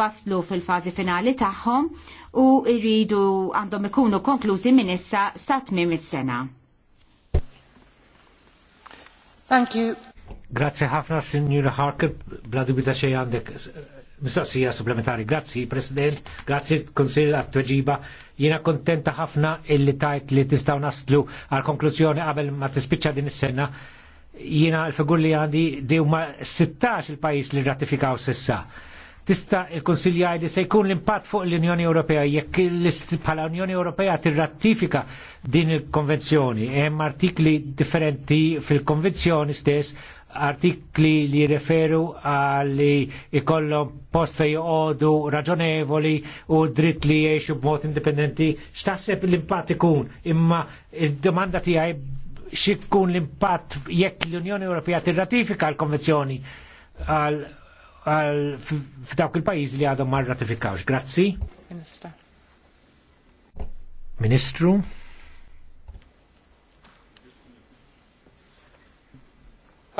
waslu fil-fazi finali tagħhom u jridu għandhom ikunu konklużi minn issa sa tmiem is-sena. Thank you. Grazie ħafna, Signora Harker, bla dubita xej għandek mistoqsija supplementari. Grazzi, President, grazzi, Konsil għat-tweġiba. Jena kontenta ħafna illi tajt li tistaw naslu għal-konklużjoni qabel ma tispiċċa din is-sena jiena l-figur li għandi dewma 16 il-pajis li ratifikaw sissa tista' il-Konsilja li se jkun l-impatt fuq l-Unjoni Ewropea jekk bħala Unjoni Ewropea tirrattifika din il-konvenzjoni. Hemm artikli differenti fil-konvenzjoni stess artikli li referu għalli ikollhom post fej għodu raġonevoli u dritt li jiexu b'mod indipendenti. X'taħseb l-impatt ikun? Imma il domanda tiegħi x'ikun l-impatt jekk l-Unjoni Ewropea tirratifika l-Konvenzjoni għal f'dawk il-pajjiż li għadhom ma rratifikawx. Grazzi. Ministru.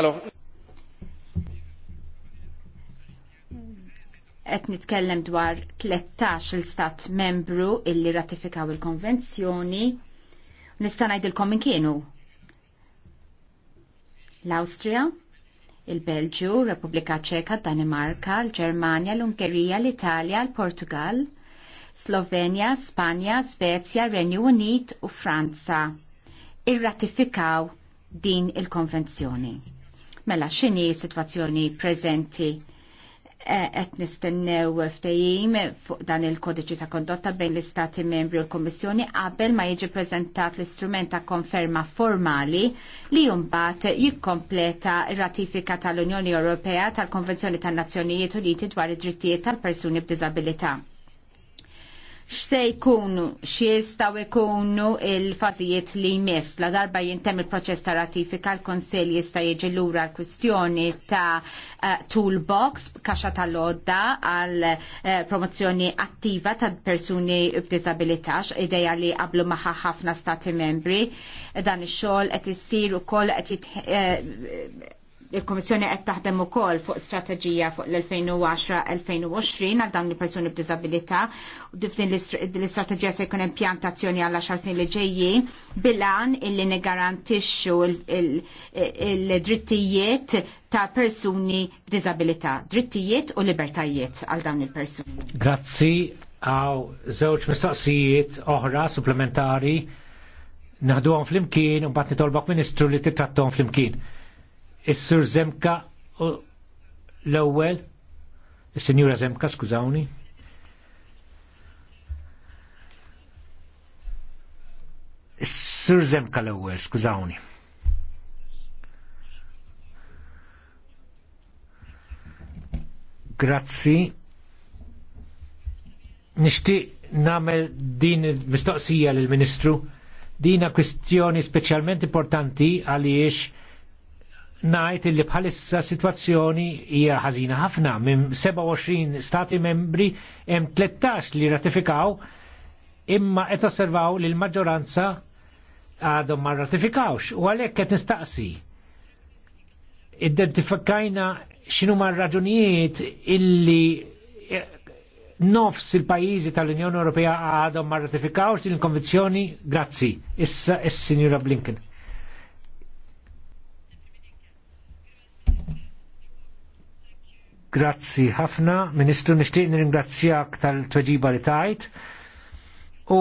Allora, qed nitkellem dwar 13 il-stat membru illi ratifikaw il-konvenzjoni. Nista' ngħidilkom min kienu? L-Awstrija, il-Belġu, Repubblika Ċeka, Danimarka, l-Ġermanja, l-Ungerija, l-Italja, l-Portugal, Slovenja, Spanja, Svezja, Renju Unit u Franza irratifikaw din il-konvenzjoni. Mela x'inhi situazzjoni preżenti qed eh, nistennew ftehim fuq dan il-kodiċi ta' kondotta bejn l-Istati membri u l kummissjoni qabel ma jiġi preżentat l-istrument ta' konferma formali li mbagħad jikkompleta r-ratifika tal-Unjoni Ewropea tal-Konvenzjoni tan-Nazzjonijiet Uniti dwar id-drittijiet tal-persuni b'diżabilità x'se jkunu staw jkunu il fazijiet li jmiss la darba jintem il-proċess ta' ratifika l-Konsell jista' jiġi lura l-kwistjoni ta' eh, toolbox kaxa tal lodda għal eh, promozzjoni attiva ta' persuni b'disabilità ideja li qablu maħħa ħafna stati membri dan ix-xogħol qed issir ukoll qed eh, il-Komissjoni qed taħdem ukoll fuq strateġija fuq l-2010-2020 għal dawn il-persuni b'diżabilità u din l-istrateġija se jkun hemm pjantazzjoni għal xar snin li ġejjin bilan illi negarantixxu l drittijiet ta' persuni b'diżabilità, drittijiet u libertajiet għal dawn il-persuni. Grazzi għaw żewġ mistoqsijiet oħra supplementari naħduhom flimkien u mbagħad nitolbok Ministru li fl flimkien. Is-Sur Zemka l-ewwel, is-Sinjura Zemka, skużawni. Is-Sur Zemka l-ewwel, skużawni. Grazzi. Nixtieq namel din il-mistoqsija lill-Ministru dina kwistjoni speċjalment importanti għaliex najt li bħalissa situazzjoni hija ħażina ħafna minn 27 stati membri hemm 13 li ratifikaw imma qed osservaw li l-maġġoranza għadhom ma ratifikawx u għalhekk qed nistaqsi. Identifikajna x'inhu ma raġunijiet illi nofs il-pajjiżi tal-Unjoni Ewropea għadhom ma ratifikawx din il-konvenzjoni, grazzi, issa is-Sinjura Blinken. Grazzi ħafna, Ministru nixtieq nirringrazzjak tal-tweġiba li tajt. U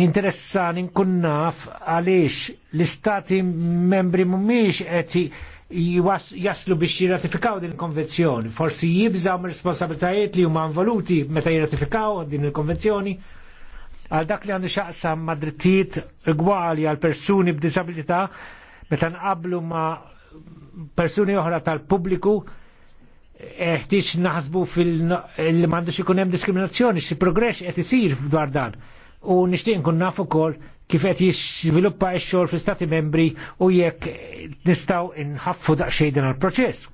ninteressa ninkun naf għaliex l-istati membri mhumiex qed jaslu biex jirratifikaw din il-konvenzjoni. Forsi jibżaw mir responsabilitajiet li huma involuti meta jirratifikaw din il-konvenzjoni. Għal dak li għandu xaqsa ma' drittijiet igwali għal persuni b'disabilità meta nqablu ma' persuni oħra tal-pubbliku eħtiċ naħsbu fil-li m'għandux ikun hemm diskriminazzjoni, xi progress qed isir dwar dan. U nixtieq nkun nafu ukoll kif qed jiżviluppa x-xogħol fl-Stati membri u jekk nistgħu nħaffu daqsxejn din il-proċess.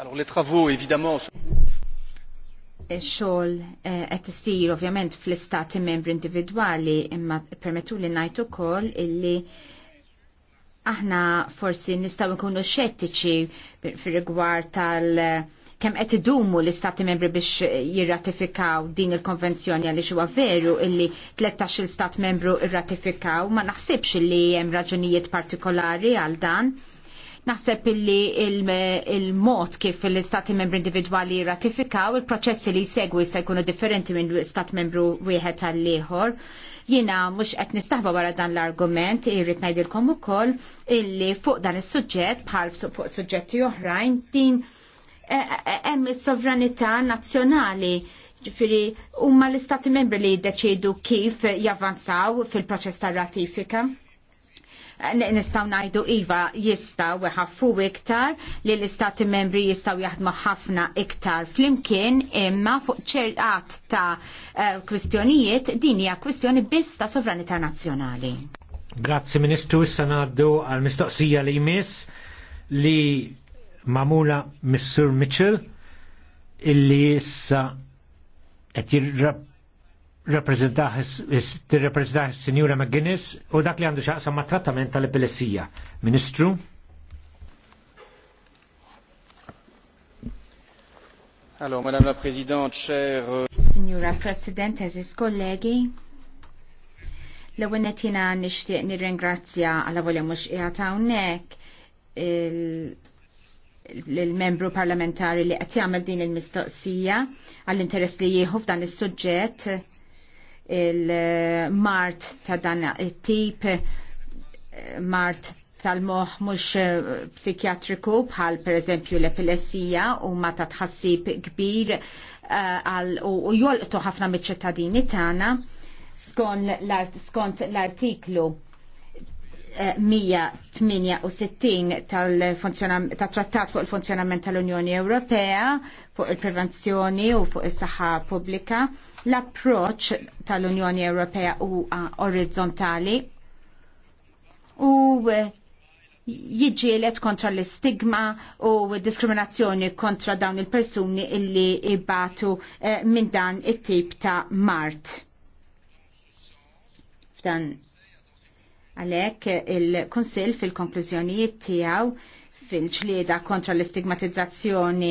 Alors les travaux évidemment Xol eh, qed isir ovvjament fl-istati membri individwali imma permettu li ngħid ukoll illi aħna forsi nistaw nkunu xettiċi fir-rigward tal- kemm qed idumu l-istati membri biex jirratifikaw din il-konvenzjoni għaliex huwa veru illi 13-il stat membru irratifikaw ma naħsibx illi hemm raġunijiet partikolari għal dan. Naħseb illi il-mod kif l-istati membri individwali jirratifikaw il-proċessi li jsegwu jista' jkunu differenti minn stat membru wieħed għall ieħor Jiena mhux qed nistaħba wara dan l-argument irrid ngħidilkom ukoll illi fuq dan is-suġġett bħal fuq suġġetti oħrajn din e, e, e, hemm is-sovranità nazzjonali ġifiri huma l-istati membri li jiddeċidu kif javanzaw fil-proċess tar ratifika nistaw najdu Iva jistaw weħaffu iktar li l-istati membri jistaw jaħdmu ħafna iktar flimkien imma fuq ċerqat ta' eh, kwistjonijiet din hija kwistjoni biss ta' sovranità nazzjonali. Grazzi Ministru, issa ngħaddu għal mistoqsija li jmiss li mamula Missur Mitchell illi issa qed jirrab rappresentaħ s sinjura McGuinness u dak li għandu xaqsa ma' trattament tal-epilessija. Ministru? Allo, Madame la Presidente, cher... Euh, Signora President, Eżis kollegi, l għunetina nishtiq nir-ringrazzja għal volja mux iħata unnek l-membru parlamentari li għat jgħamil din il-mistoqsija għall-interess li jieħu f'dan is-suġġett il-mart ta' dan it-tip mart tal-moħ mux eh, psikjatriku bħal per eżempju l-epilessija u ma ta' tħassib kbir eh, għal u jolqtu ħafna mit-ċittadini tagħna skont l-artiklu 168 tal-trattat fuq il-funzjonament tal-Unjoni Ewropea fuq il-prevenzjoni u fuq is-saħħa pubblika, l-approċ tal-Unjoni Ewropea huwa orizzontali u eh, jiġielet kontra l-istigma u diskriminazzjoni kontra dawn il-persuni illi ibatu eh, minn dan it-tip ta' mart. F'dan Għalhekk il-Kunsill fil-konklużjonijiet tiegħu fil-ġlieda kontra l-istigmatizzazzjoni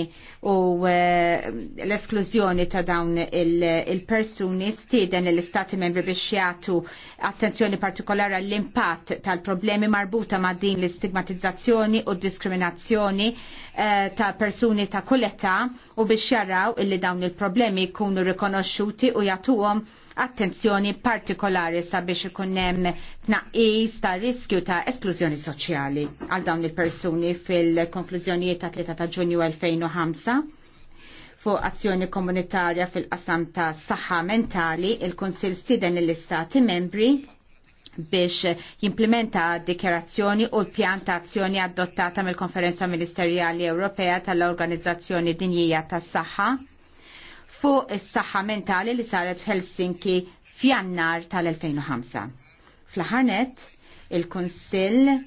u eh, l-esklużjoni ta' dawn il-persuni stiden stieden l-istati membri biex jagħtu attenzjoni partikolari għall-impatt tal-problemi marbuta ma' din l-istigmatizzazzjoni u diskriminazzjoni eh, ta' persuni ta' età u biex jaraw illi dawn il-problemi jkunu rikonoxxuti u jagħtuhom attenzjoni partikolari sabiex ikun hemm tnaqqis ta' riskju ta' esklużjoni soċjali għal dawn il-persuni fil-konklużjonijiet ta' 3 ta' Ġunju 2005 fuq azzjoni komunitarja fil-qasam ta' saħħa mentali, il-Konsil stiden l-Istati membri biex jimplementa dikjarazzjoni u l-pjan ta' azzjoni adottata mill-Konferenza Ministerjali Ewropea tal-Organizzazzjoni Dinjija tas saħħa fuq is-saħħa mentali li saret Helsinki f'Jannar tal-2005. Fl-ħarnet, il-Kunsill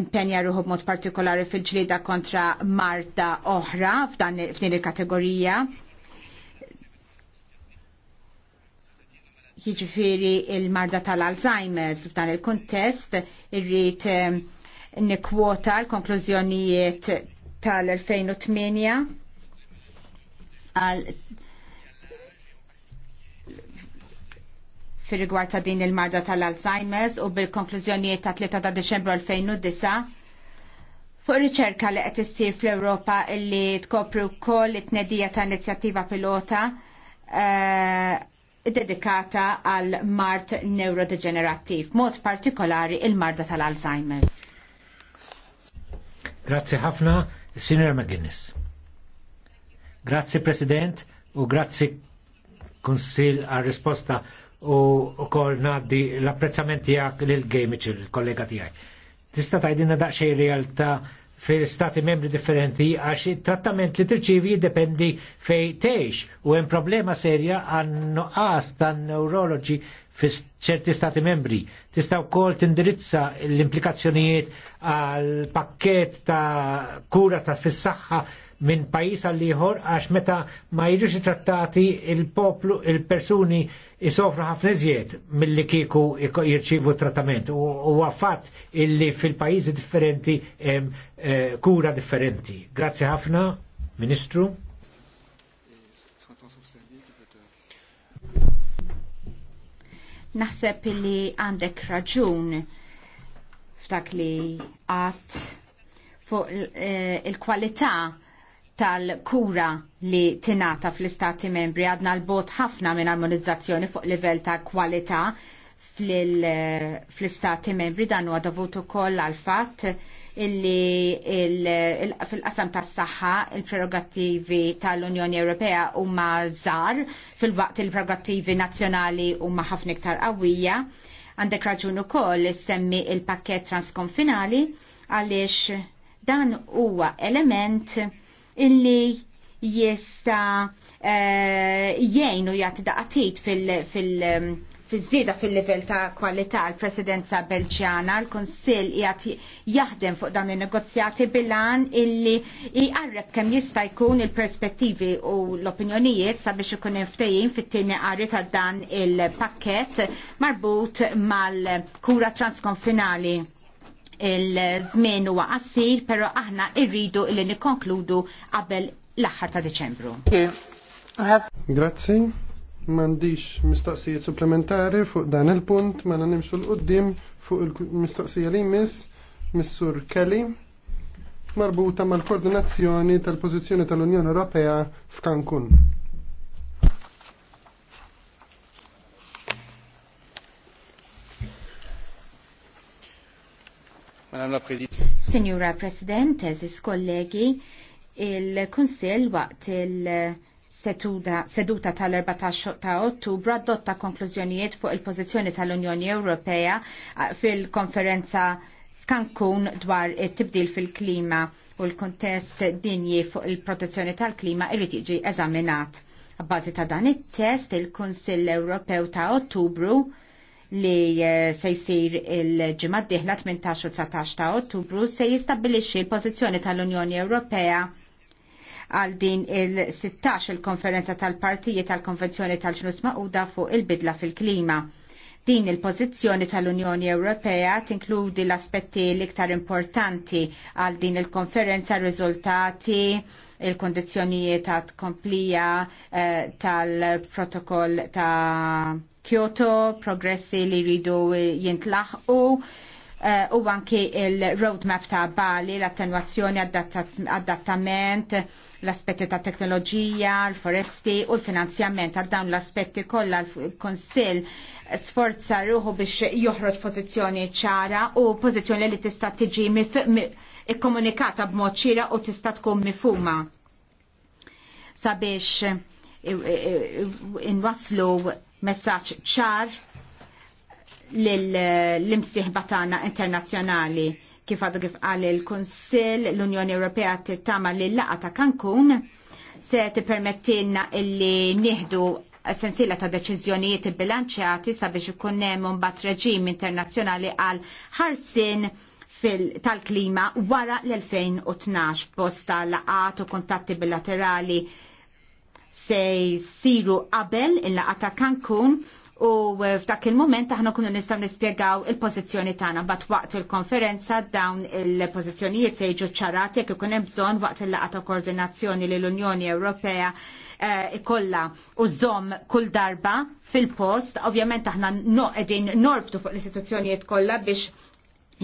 impenja ruħu b'mod partikolari fil-ġlida kontra Marta oħra f'din il-kategorija. Jiġifieri il-marda tal-Alzheimer's f'dan il-kontest irrid eh, nikwota l-konklużjonijiet tal-2008 għal fir rigward ta' din il-marda tal-Alzheimer's u bil-konklużjonijiet ta' 3 ta' Deċembru 2009 fuq riċerka li qed issir fl-Ewropa illi tkopri wkoll it-tnedija ta' inizjattiva pilota uh, dedikata għal mart neurodegenerattiv, mod partikolari il-marda tal-Alzheimer. Grazzi ħafna, Sinner McGuinness. Grazzi President u grazzi Konsil għal risposta u kol naddi l-apprezzament tijak l-Gamichel, il-kollega tijaj. Tista tajdina daqxej realtà fil-stati membri differenti għax il-trattament li tirċivi jiddependi fej teħx u hemm problema serja għannu għas ta' neurologi fi ċerti stati membri. Tista' wkoll tindirizza l-implikazzjonijiet għal pakket ta' kura ta' fis-saħħa minn pajjiż għal liħor għax meta ma jiġux trattati il-poplu il-persuni jisofru ħafna iżjed milli kieku jirċivu trattament u għaffat illi fil-pajjiżi differenti em, eh, kura differenti. Grazzi ħafna, Ministru. naħseb li għandek raġun f'dak li għat fuq eh, il-kwalità tal-kura li tinata fl-istati membri għadna l-bot ħafna minn armonizzazzjoni fuq livell ta' kwalità fl-istati membri dan huwa dovut ukoll għal fatt illi fil-qasam tas saħħa il-prerogattivi tal-Unjoni Ewropea huma żar fil-waqt il-prerogattivi nazzjonali huma ħafna iktar qawwija. Għandek raġun ukoll semmi il-pakket transkonfinali għaliex dan huwa element illi jista uh, jgħinu jgħati daqatit um, fil-żieda fil, żida fil level ta' kwalità l-presidenza belġjana, l-Konsil jgħati jaħdem fuq dan il-negozjati bilan illi jgħarreb kem jista' jkun il-perspettivi u l-opinjonijiet sabiex ikun ftejjin fit-tieni qari ta' dan il-pakket marbut mal-kura transkonfinali il-żmien huwa qasir, però aħna rridu li nikkonkludu qabel l-aħħar ta' Deċembru. Grazzi. M'għandix mistoqsijiet supplementari fuq dan il-punt ma mela nimxu l-qoddim fuq il-mistoqsija li jmiss Missur Kelly marbuta mal-koordinazzjoni tal-pożizzjoni tal-Unjoni Ewropea f'Cancun. Signora Presidente. sis President, kollegi, il-Kunsil waqt il- Seduta, seduta tal-14 ta' ottubru adotta konklużjonijiet fuq il-pożizzjoni tal-Unjoni Ewropea fil-konferenza f'Cancun dwar it-tibdil fil-klima u l-kontest dinji fuq il-protezzjoni tal-klima irrid jiġi eżaminat. Bbażi ta' dan it-test il-Kunsill Ewropew ta' Ottubru li eh, se jsir il-ġimgħa d 18 u 19 ta' Ottubru se jistabilixi l-pożizzjoni tal-Unjoni Ewropea għal din il-16 il-konferenza tal-partijiet tal-konvenzjoni tal-ġnus maquda fuq il-bidla fil-klima. Din il-pożizzjoni tal-Unjoni Ewropea tinkludi l-aspetti l-iktar importanti għal din il-konferenza riżultati il-kondizjonijiet ta' tkomplija eh, tal-protokoll ta' Kyoto, progressi li rridu jintlaħqu u anki il-roadmap ta' Bali, l-attenuazzjoni, adattament, l-aspetti ta' teknoloġija, l-foresti u l-finanzjament ta' dawn l-aspetti kollha l konsill sforza ruħu biex joħroġ pożizzjoni ċara u pożizzjoni li tista' tiġi ikkomunikata b'mod ċira u tista' tkun mifhuma sabiex inwaslu messaġġ ċar l-imsieħba Batana internazzjonali kif għadu kif qal il-Kunsill l-Unjoni Ewropea tittama li l-laqa ta' Cancun se tippermettilna illi nieħdu essenzjela ta' deċiżjonijiet bilanċjati sabiex ikun hemm bat reġim internazzjonali għal ħarsin tal-klima wara l-2012 posta laqat u kontatti bilaterali se jsiru qabel il-laqa ta' Cancun u eh, f'dak il-moment aħna kunu nistgħu nispjegaw il-pożizzjoni tagħna mbagħad waqt il-konferenza dawn il-pożizzjonijiet se jiġu ċarati jekk ikun hemm bżonn waqt il-laqgħa ta' koordinazzjoni li l-Unjoni Ewropea eh, ikolla u żomm kull darba fil-post, ovvjament aħna qegħdin norbtu fuq l-istituzzjonijiet kollha biex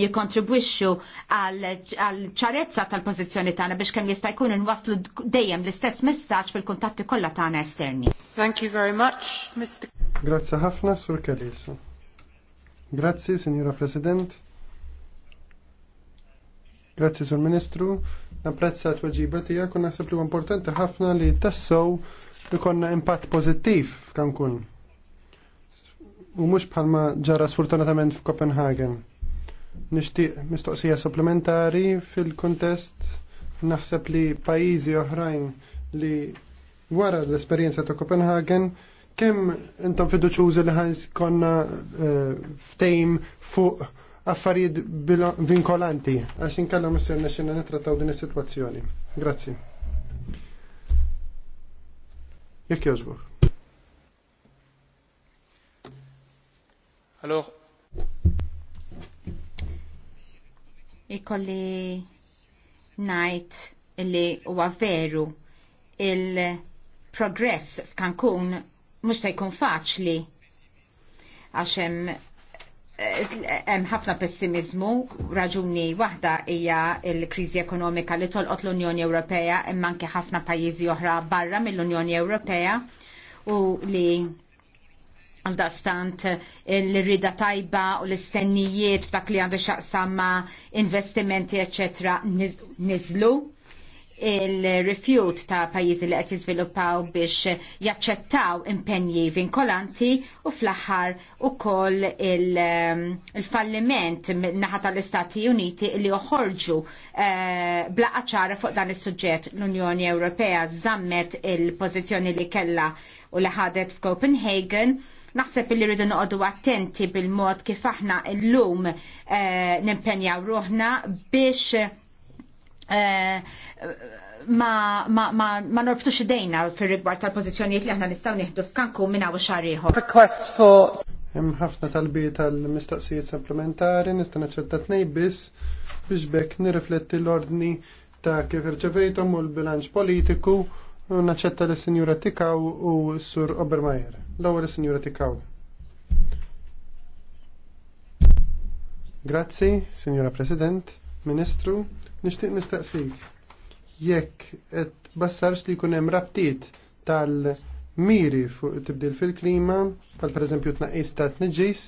jikontribwixxu għal ċarezza tal-pożizzjoni tagħna biex kemm jista' jkun nwasslu dejjem l-istess messaġġ fil-kuntatti kollha tagħna esterni. Thank you very much, Mr. Grazzi ħafna, Sur Kellis. Grazzi, Sinjura President. Grazzi, Sur Ministru. Napprezza t-weġiba tiegħek u naħseb li importanti ħafna li li konna impatt pożittiv f'Kankun. U mhux bħalma ġara sfortunatament f'Kopenhagen Nixtieq mistoqsija supplementari fil-kuntest naħseb li pajjiżi oħrajn li wara l-esperjenza ta' Copenhagen kemm intom fiduċużi li ħans konna eh, ftejm fuq affarijiet vinkolanti għax inkella missir nexxinna nitrattaw din is-sitwazzjoni. Grazzi. Jekk jogħġbok. Alors, ikolli najt li huwa veru il-progress f'Kankun mhux se jkun faċli għaxem hemm eh, hemm ħafna pessimizmu, raġuni waħda hija l-kriżi ekonomika li tolqot l-Unjoni Ewropea imma anke ħafna pajjiżi oħra barra mill-Unjoni Ewropea u li għaldastant eh, l-rida tajba u l-istennijiet f'dak li għandu xaqsamma investimenti, ecc. nizlu il-refjut ta' pajjiżi li qed jiżviluppaw biex jaċċettaw impenji vinkolanti u fl-aħħar ukoll eh, il-falliment il naħa tal-Istati Uniti li joħorġu uh, eh, ċara fuq dan is-suġġett l-Unjoni Ewropea żammet il-pożizzjoni li kellha u li ħadet f'Copenhagen Naħseb li rridu noqogħdu attenti bil-mod kif aħna llum eh, nimpenjaw ruħna biex eh, ma, ma, ma, ma norbtux idejna fir-rigward tal-pożizzjonijiet li aħna nistgħu nieħdu f'kanku minn hawn xahar ieħor. Hemm ħafna talbi tal-mistoqsijiet supplementari nista' naċċetta tnejn biss biex bekk nirrifletti l-ordni ta' kif irċevejthom u l-bilanċ politiku u naċċetta l-Sinjura Tikaw u s-Sur Obermajer. L-ewwel sinjura Tikaw. Grazzi, Sinjura President, Ministru, nixtieq nistaqsik. Jekk et bassarx li jkun hemm rabtiet tal-miri fuq tibdil fil-klima, tal-preżempju tnaqqis ta' tniġis,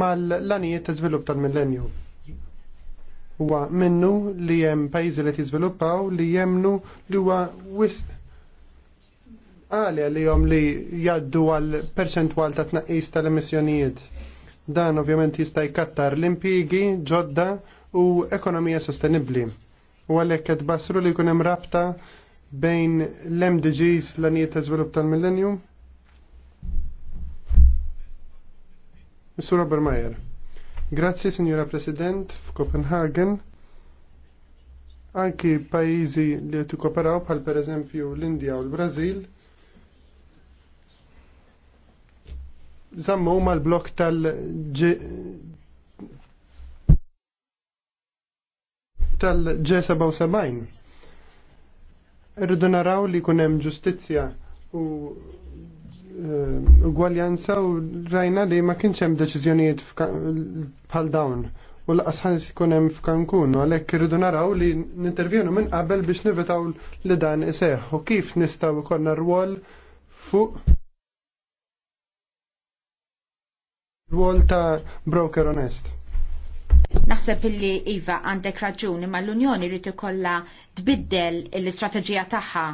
mal-lanijiet ta' żvilupp tal-millenju. Huwa minnu li hemm pajjiżi li jiżviluppaw li jemnu li huwa wisq għali jom li jaddu għal perċentwal ta' tnaqqis tal-emissjonijiet. Dan ovvjament jista' jkattar l impjiegi ġodda u ekonomija sostenibbli. U għalhekk qed basru li jkun hemm rabta bejn l-MDGs l-għaniet ta' żvilupp tal-millennium? Mr. Robert Mayer. Grazzi, Signora President, f'Copenhagen. Anki pajizi li t bħal per eżempju l-Indija u l-Brazil zammu huma l-blok tal tal-G77. Irridu naraw li kunem ġustizja u eh, ugwaljanza u rajna li ma kienx hemm deċiżjonijiet bħal dawn u laqas ħanis kunem f'Kankun u għalhekk irridu naraw li nintervjenu minn qabel biex nivetaw li dan iseħħ u kif nistgħu ikollna rwol fuq Rwol ta' broker onest. Naħseb illi Iva għandek raġuni ma l-Unjoni rrid ikollha tbiddel l-istrateġija tagħha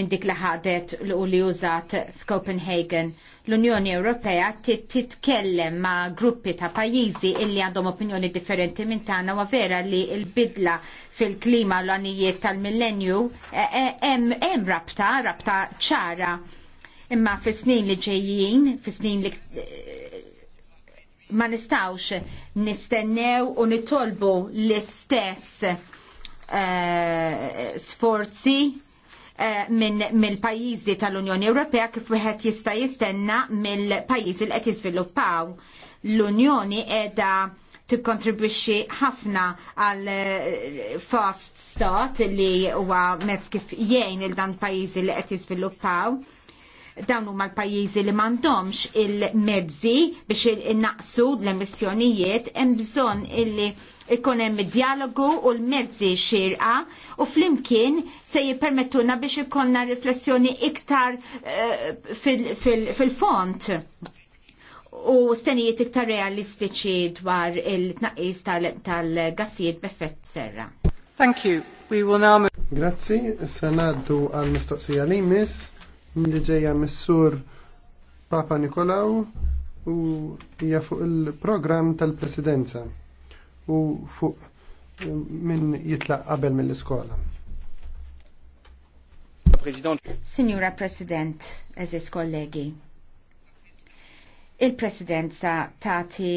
minn dik li ħadet u li użat f'Copenhagen. L-Unjoni Ewropea titkellem ma' gruppi ta' pajjiżi illi għandhom opinjoni differenti minn tagħna wa vera li l-bidla fil-klima l-għanijiet tal-millenju hemm e- e- rabta, rabta ċara imma fis snin li ġejjin, fi snin li ma nistawx nistennew u nitolbu l-istess uh, sforzi eh, minn mill pajjiżi tal-Unjoni Ewropea kif wieħed jista' jistenna mill-pajjiżi li qed jiżviluppaw. L-Unjoni qiegħda tikkontribwixxi ħafna għal eh, fast start li huwa mezz kif jgħin il dan pajjiżi li qed jiżviluppaw dawn huma l-pajjiżi li m'għandhomx il-mezzi biex innaqsu l-emissjonijiet hemm bżonn illi ikun hemm dialogu u l-mezzi xirqa u flimkien se jippermettuna biex ikollna riflessjoni iktar eh, fil-font u stenijiet iktar realistiċi dwar il-tnaqis tal-gassijiet b'effett serra. Thank you. We will now Grazie, sanaddu għal mistoqsija li miss li ġejja missur Papa Nikolaw u hija fuq il-programm tal-presidenza u fuq eh, minn jitlaq qabel mill-iskola. Signora President, eżis kollegi, il-presidenza tati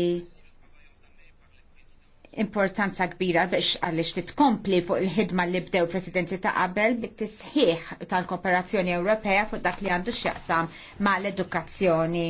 importanza kbira biex għalix titkompli fuq il-ħidma li bdew presidenti ta' qabel bit-tisħiħ tal-kooperazzjoni Ewropea fuq dak li għandu x'jaqsam ma' l-edukazzjoni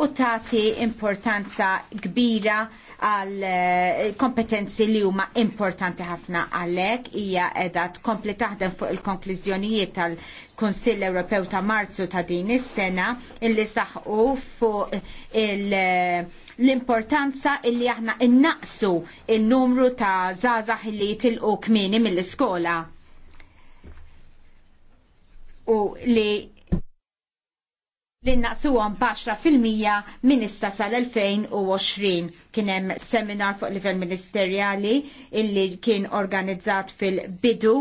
u tagħti importanza kbira għal eh, kompetenzi li huma importanti ħafna għalhekk hija qiegħda tkompli taħdem fuq il-konklużjonijiet tal Kunsill Ewropew ta' Marzu ta' din is-sena illi saħqu fuq l-importanza illi aħna innaqsu il-numru ta' zazax illi jitilqu kmini mill-iskola. U li li naqsuhom b'10% minn issa sal-2020 kien hemm seminar fuq livell ministerjali illi kien organizzat fil-bidu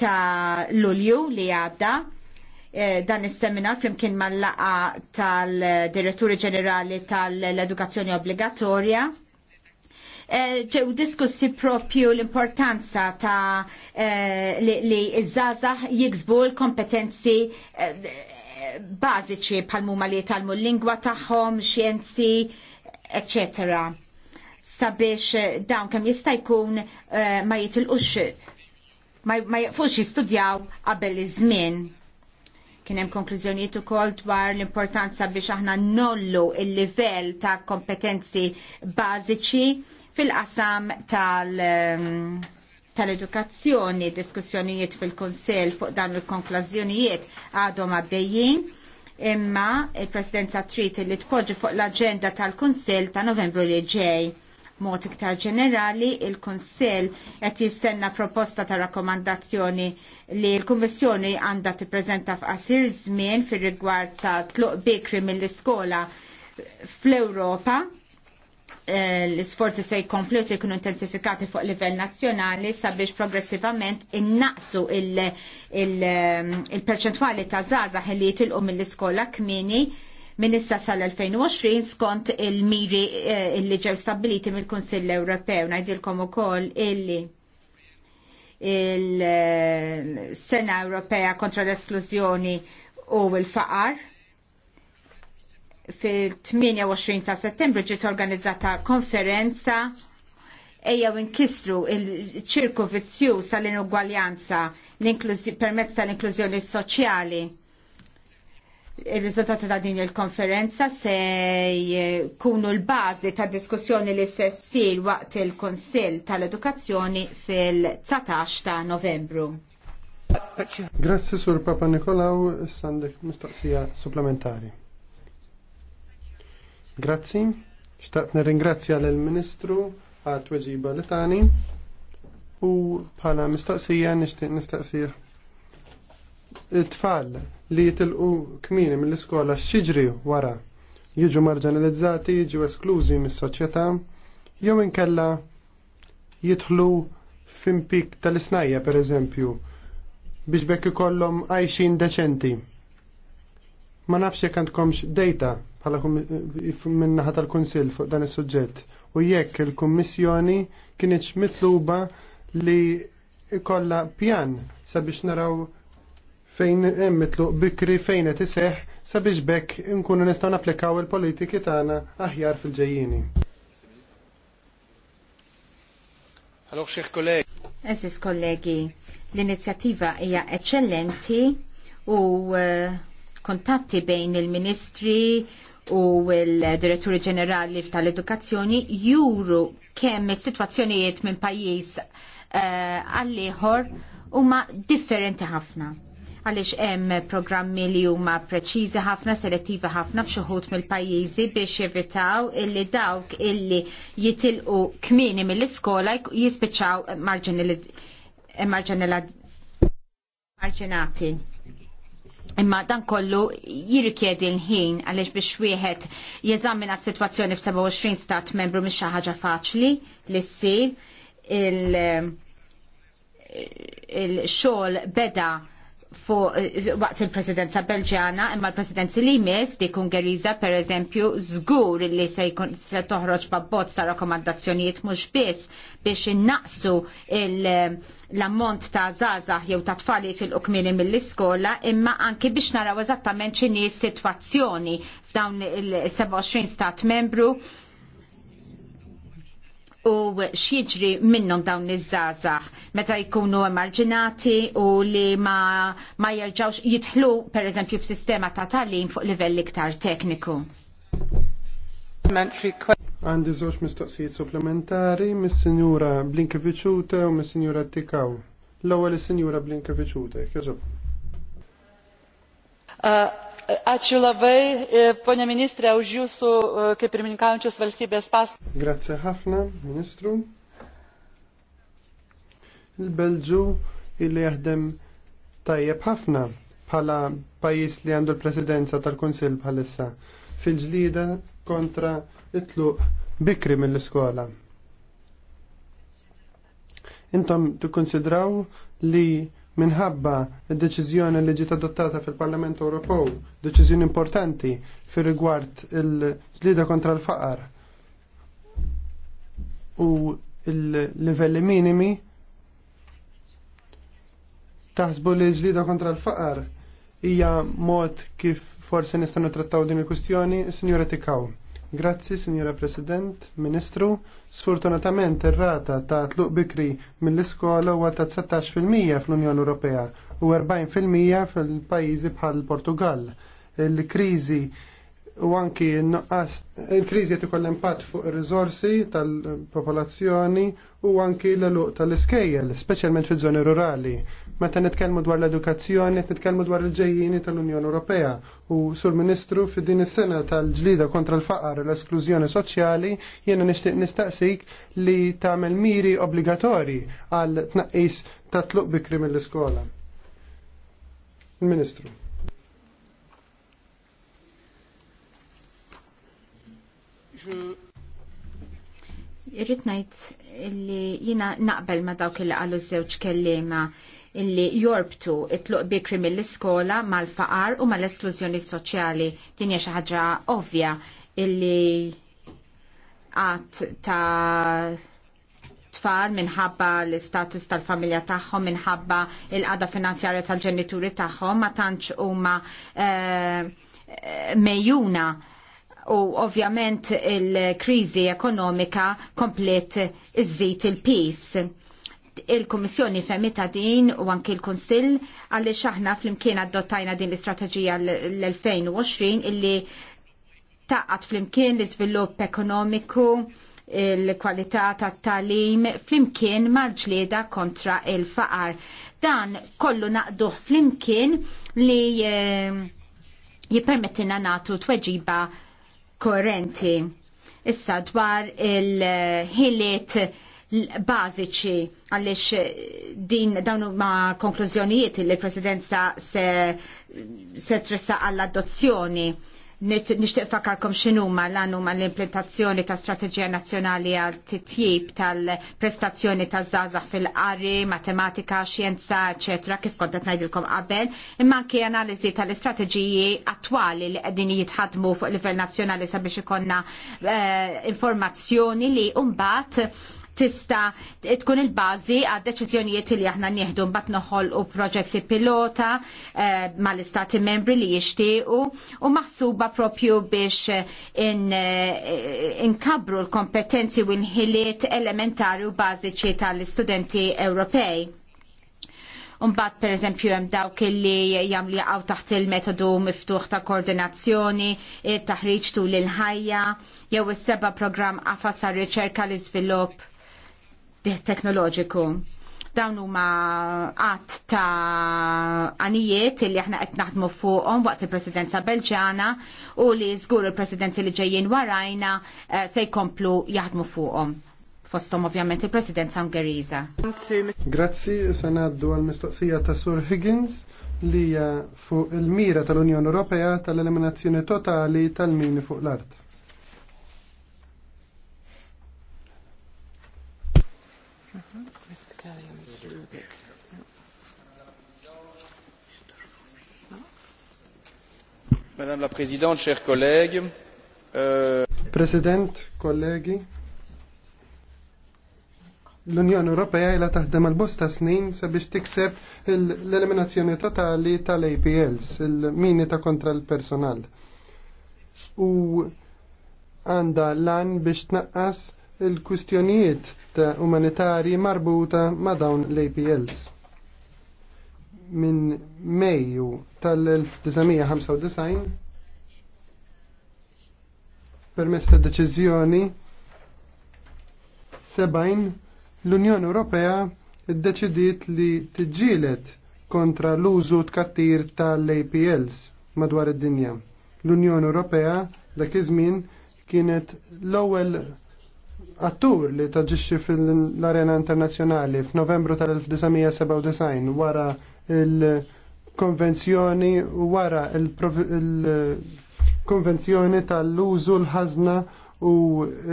ta' Lulju li għadda eh, dan is-seminar flimkien mal-laqa tal-Diretturi Ġenerali tal-Edukazzjoni Obbligatorja eh, ġew diskussi propju l-importanza ta' eh, li iż-żazax jiksbu l-kompetenzi bażiċi bħal-muma li jitalmu l-lingwa tagħhom, xjenzi, etc. sabiex dawn kemm jista' jkun ma jitilqux ma jaqfux jistudjaw qabel iż-żmien. Kien hemm konklużjonijiet ukoll dwar l-importanza biex aħna nollu il-livell ta' kompetenzi bażiċi fil-qasam tal- ehm, tal-edukazzjoni, diskussjonijiet fil-Konsell fuq dan il-konklużjonijiet għadhom għaddejjin imma il-Presidenza trid li tpoġġi fuq l-aġenda tal-Kunsell ta' Novembru li ġej Mod iktar ġenerali, il-Kunsell qed jistenna proposta ta' rakkomandazzjoni li l-Kummissjoni għandha tippreżenta f'qasir żmien fir-rigward ta' tluq bikri mill-iskola fl-Ewropa eh, l isforzi se jkomplu se jkunu intensifikati fuq livell nazzjonali sabiex progressivament innaqsu il-perċentwali ta' zaza li jitilqu mill-iskola kmini minn issa sal-2020 skont il-miri eh, illi ġew stabiliti mill-Kunsill Ewropew. Ngħidilkom ukoll illi il-Sena Ewropea kontra l-esklużjoni u l-faqar fil-28 ta' settembru ġiet organizzata konferenza ejja inkisru il-ċirku vizzjuż tal-inugwaljanza permezz tal-inklużjoni soċjali il rizultat ta' din il-konferenza se jkunu l-bazi ta' diskussjoni li se ssir waqt il-Konsil tal-Edukazzjoni fil-19 ta' Novembru. Grazzi sur Papa Nikolaw, sandek mistoqsija supplementari. Grazzi, xtaqt nirringrazzja l-Ministru għat tweġiba li tani u bħala mistoqsija nishtiq nistaqsija il tfal li jitilqu kmini mill-iskola x'jiġri wara jiġu marġanalizzati, jiġu esklużi mis-soċjetà, jew inkella jidħlu f'impik tal-isnajja pereżempju biex bekk ikollhom għajxin deċenti. Ma nafx jekk għandkomx data bħala min-naħa tal-Kunsill fuq dan is-suġġett u jekk il-Kummissjoni kienieċ mitluba li ikolla pjan sabiex naraw fejn hemm bikri fejn qed iseħħ sabiex bekk nkunu nistgħu napplikaw il-politiki tagħna aħjar fil-ġejjieni. Allora, xieħ kollegi. Eżis kollegi, l-inizjattiva hija eċċellenti u eh, kontatti bejn il-ministri u l-diretturi ġenerali tal-edukazzjoni juru kemm is-sitwazzjonijiet minn pajjiż eh, għall-ieħor huma differenti ħafna għaliex hemm programmi li huma preċiżi ħafna, selettivi ħafna f'xuħut mill-pajjiżi biex jevitaw illi dawk illi jitilqu kmini mill-iskola jispiċċaw marġinati. Imma dan kollu jirrikjedi l-ħin għaliex biex wieħed jeżammina s-sitwazzjoni f-27 stat membru mhix xi ħaġa faċli li ssir il-xogħol beda fuq eh, waqt il-presidenza belġana imma l presidenza li jmiss dik Ungeriża pereżempju żgur li se jkun se toħroġ babbozz ta' rakkomandazzjonijiet mhux biss biex innaqsu eh, l-ammont ta' zazah jew ta' tfalijiet il kmieni mill-iskola imma anki biex naraw eżattament x'inhi s-sitwazzjoni f'dawn il-27 stat membru u xieġri minnom dawn iż-żazax meta jkunu emarġinati u li ma, ma jirġawx jitħlu per eżempju f'sistema ta' talim fuq livell iktar tekniku. Għandi żewġ mistoqsijiet supplementari mis-Sinjura Blinkeviċuta u mis-Sinjura Tikaw. L-ewwel is-Sinjura Blinkeviċuta, kieġob. Uh, Ačiū labai, e, ponia ministrė, už jūsų e, kaip pirmininkaujančios valstybės pastą. Grazie ħafna, ministru. Il-Belġu illi jaħdem tajjeb ħafna bħala pajis li għandu l-presidenza tal-Kunsil bħalissa fil-ġlida kontra it bikri mill-iskola. Intom tikkonsidraw li minħabba il deċiżjoni li ġiet adottata fil-Parlament Ewropew, deċiżjoni importanti fir rigward il-ġlida kontra l-faqar u il-livelli minimi taħsbu li ġlida kontra l-faqar hija mod kif forsi nistgħu trattaw din il-kwistjoni, Sinjura Tikaw. Grazzi, Signora President, Ministru. Sfortunatament ir-rata ta' tluq bikri mill-iskola huwa ta' 19% fl-Unjoni Ewropea u 40% fil-pajjiżi bħal Portugal. Il-kriżi u anki nuqqas il-kriżi qed ikoll impatt fuq ir-riżorsi tal-popolazzjoni u anki l luq tal-iskejjel, speċjalment fiż-żoni rurali. Meta nitkellmu dwar l-edukazzjoni, nitkellmu dwar il-ġejjini tal-Unjoni Ewropea u sur Ministru fid din is-sena tal-ġlida kontra l-faqar u l-esklużjoni soċjali jiena nixtieq nistaqsik li tagħmel miri obbligatorji għal tnaqqis ta' tluq bikri mill-iskola. Il-Ministru. Irrit ngħid li jiena naqbel ma dawk li qalu żewġ kelliema illi jorbtu it-tluq bikri mill-iskola mal-faqar u mal-esklużjoni soċjali. Din hija xi ħaġa ovvja illi għat ta' tfal minħabba l-istatus tal-familja tagħhom, minħabba il-qada finanzjarja tal-ġenituri tagħhom, ma tantx huma eh, eh, mejjuna u ovvjament il-kriżi ekonomika komplet iżżid il-peace il-Kommissjoni femita din u anki l-Konsil għalli xaħna fl-imkien adottajna din l-istrateġija l-2020 illi taqqat fl-imkien l-izvilupp ekonomiku il-kwalità tat-talim fl-imkien mal-ġlieda kontra il-faqar. Dan kollu naqduh fl-imkien li eh, jipermettina natu tweġiba korrenti. Issa dwar il-ħiliet bażiċi għaliex eh, din dawn ma konklużjonijiet li l-Presidenza se, se tressa għall-adozzjoni nishtiq fakalkom xinuma l-għanuma l-implementazzjoni ta' strategija nazjonali għal titjib tal-prestazzjoni ta' zazax fil-qari, matematika, xjenza, ecc. kif kontet najdilkom qabel, imma anki analizi tal-istrategiji attwali li għedin jitħadmu fuq livell nazjonali sabiex ikonna eh, informazzjoni li umbat tista tkun il-bazi għad deċiżjonijiet li aħna nieħdu mbagħad noħol u proġetti pilota eh, mal-istati membri li jixtiequ u maħsuba propju biex eh, eh, inkabru l-kompetenzi u l elementari u bażiċi tal-istudenti Ewropej. Umbat per eżempju hemm dawk li jagħmlu jaqgħu taħt il-metodu miftuħ ta' koordinazzjoni, taħriġ tul il-ħajja, jew is-seba' programm qafas għar-riċerka l-iżvilupp teknoloġiku. Dawn huma qatt ta' għanijiet li aħna qed naħdmu fuqhom waqt il-Presidenza Belġana u li żgur il-Presidenzi li ġejjin warajna eh, se jkomplu jaħdmu fuqhom fostom ovvjament il presidenza Ungeriża. Grazzi, se ngħaddu għall mistoqsija ta' Sur Higgins li fuq il-mira tal-Unjoni Ewropea tal-eliminazzjoni totali tal-mini fuq l-art. Madame la Présidente, chers collègues. Euh... President, kollegi, l-Unjoni Ewropea la taħdem għal bosta snin sabiex tikseb l-eliminazzjoni totali tal-APLs, il-mini ta' kontra l-personal. U għanda biex tnaqqas il-kwistjonijiet ta' umanitarji marbuta ma' dawn l-APLs. Minn Mejju tal-1995 permess ta' deċiżjoni 70 l-Unjoni Ewropea iddeċidiet li tiġġielet kontra l-użu tkattir tal-APLs madwar id-dinja. L-Unjoni Ewropea dak iż-żmien kienet l-ewwel attur li taġixxi fil-arena internazzjonali f'Novembru tal-1997 wara il-konvenzjoni wara il-konvenzjoni tal-użu l ħazna u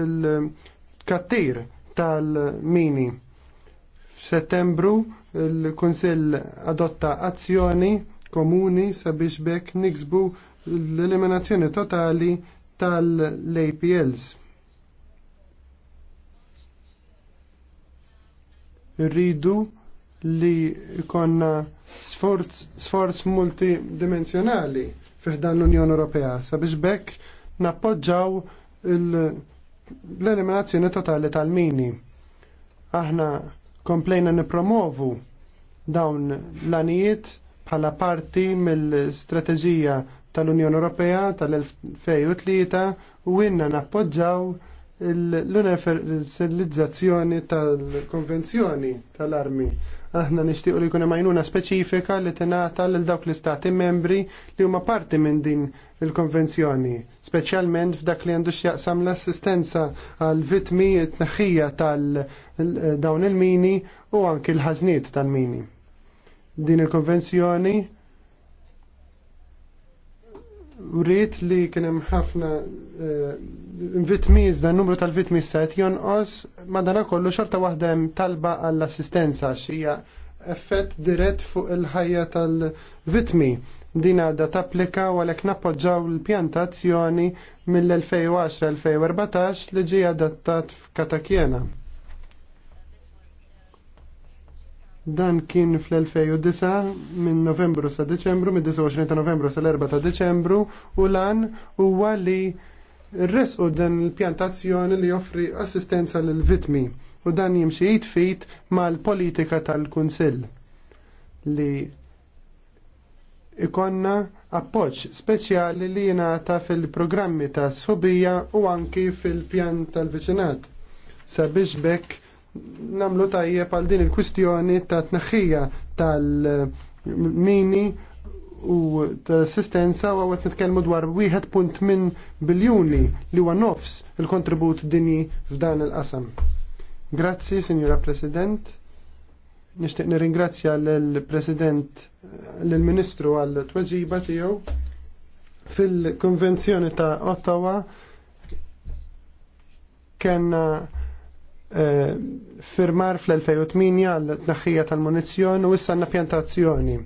l-kattir tal-mini. F'Settembru il-Kunsill adotta azzjoni komuni sabiex bekk niksbu l-eliminazzjoni totali tal-APLs rridu li konna sforz, sforz multidimensionali fiħdan l-Unjoni Ewropea sabiex bekk nappoġġaw l-eliminazzjoni totali tal-mini. Aħna komplejna nipromovu dawn l-anijiet bħala parti mill-strateġija tal-Unjoni Ewropea tal-2003 u inna nappoġġaw l-universalizzazzjoni tal-konvenzjoni tal-armi. Aħna nixtiequ li jkun hemm għajnuna speċifika li tingħata lil dawk l-istati membri li huma parti minn din il-konvenzjoni, speċjalment f'dak li għandu x'jaqsam l-assistenza għal vitmi t tneħħija tal-dawn il-mini u anki l-ħażniet tal-mini. Din il-konvenzjoni rrit li kienem ħafna eh, vitmiz, dan numru tal-vitmiz set jonqos, madana kollu xorta wahdem hemm talba għall-assistenza xija effett dirett fuq il-ħajja tal-vitmi. Din da tapplika u għalek nappoġġaw l-pjantazzjoni mill-2010-2014 li ġi adattat f'Katakjena. Dan kien fl-2009 minn novembru sa' deċembru, minn 29 ta' novembru sa' l-4 ta' deċembru u lan huwa li rresqu dan il-pjantazzjoni li joffri assistenza l vitmi u dan jimxi jitfit mal-politika tal-Kunsill li ikonna appoċ speċjali li jenata fil-programmi ta' sħubija u anki fil-pjan tal-vicinat sabiex bekk namlu tajjeb għal din il-kwistjoni ta' tnaħħija tal-mini u assistenza u għawet nitkelmu dwar 1.8 biljuni li huwa nofs il-kontribut dinji f'dan il-qasam. Grazzi, Signora President. Nishtiq nirringrazzja l-President, l-Ministru għal tweġiba tiegħu fil-Konvenzjoni ta' Ottawa kena Eh, firmar fl-2008 għal tnaħħija tal-munizzjoni u issa għandna pjantazzjoni.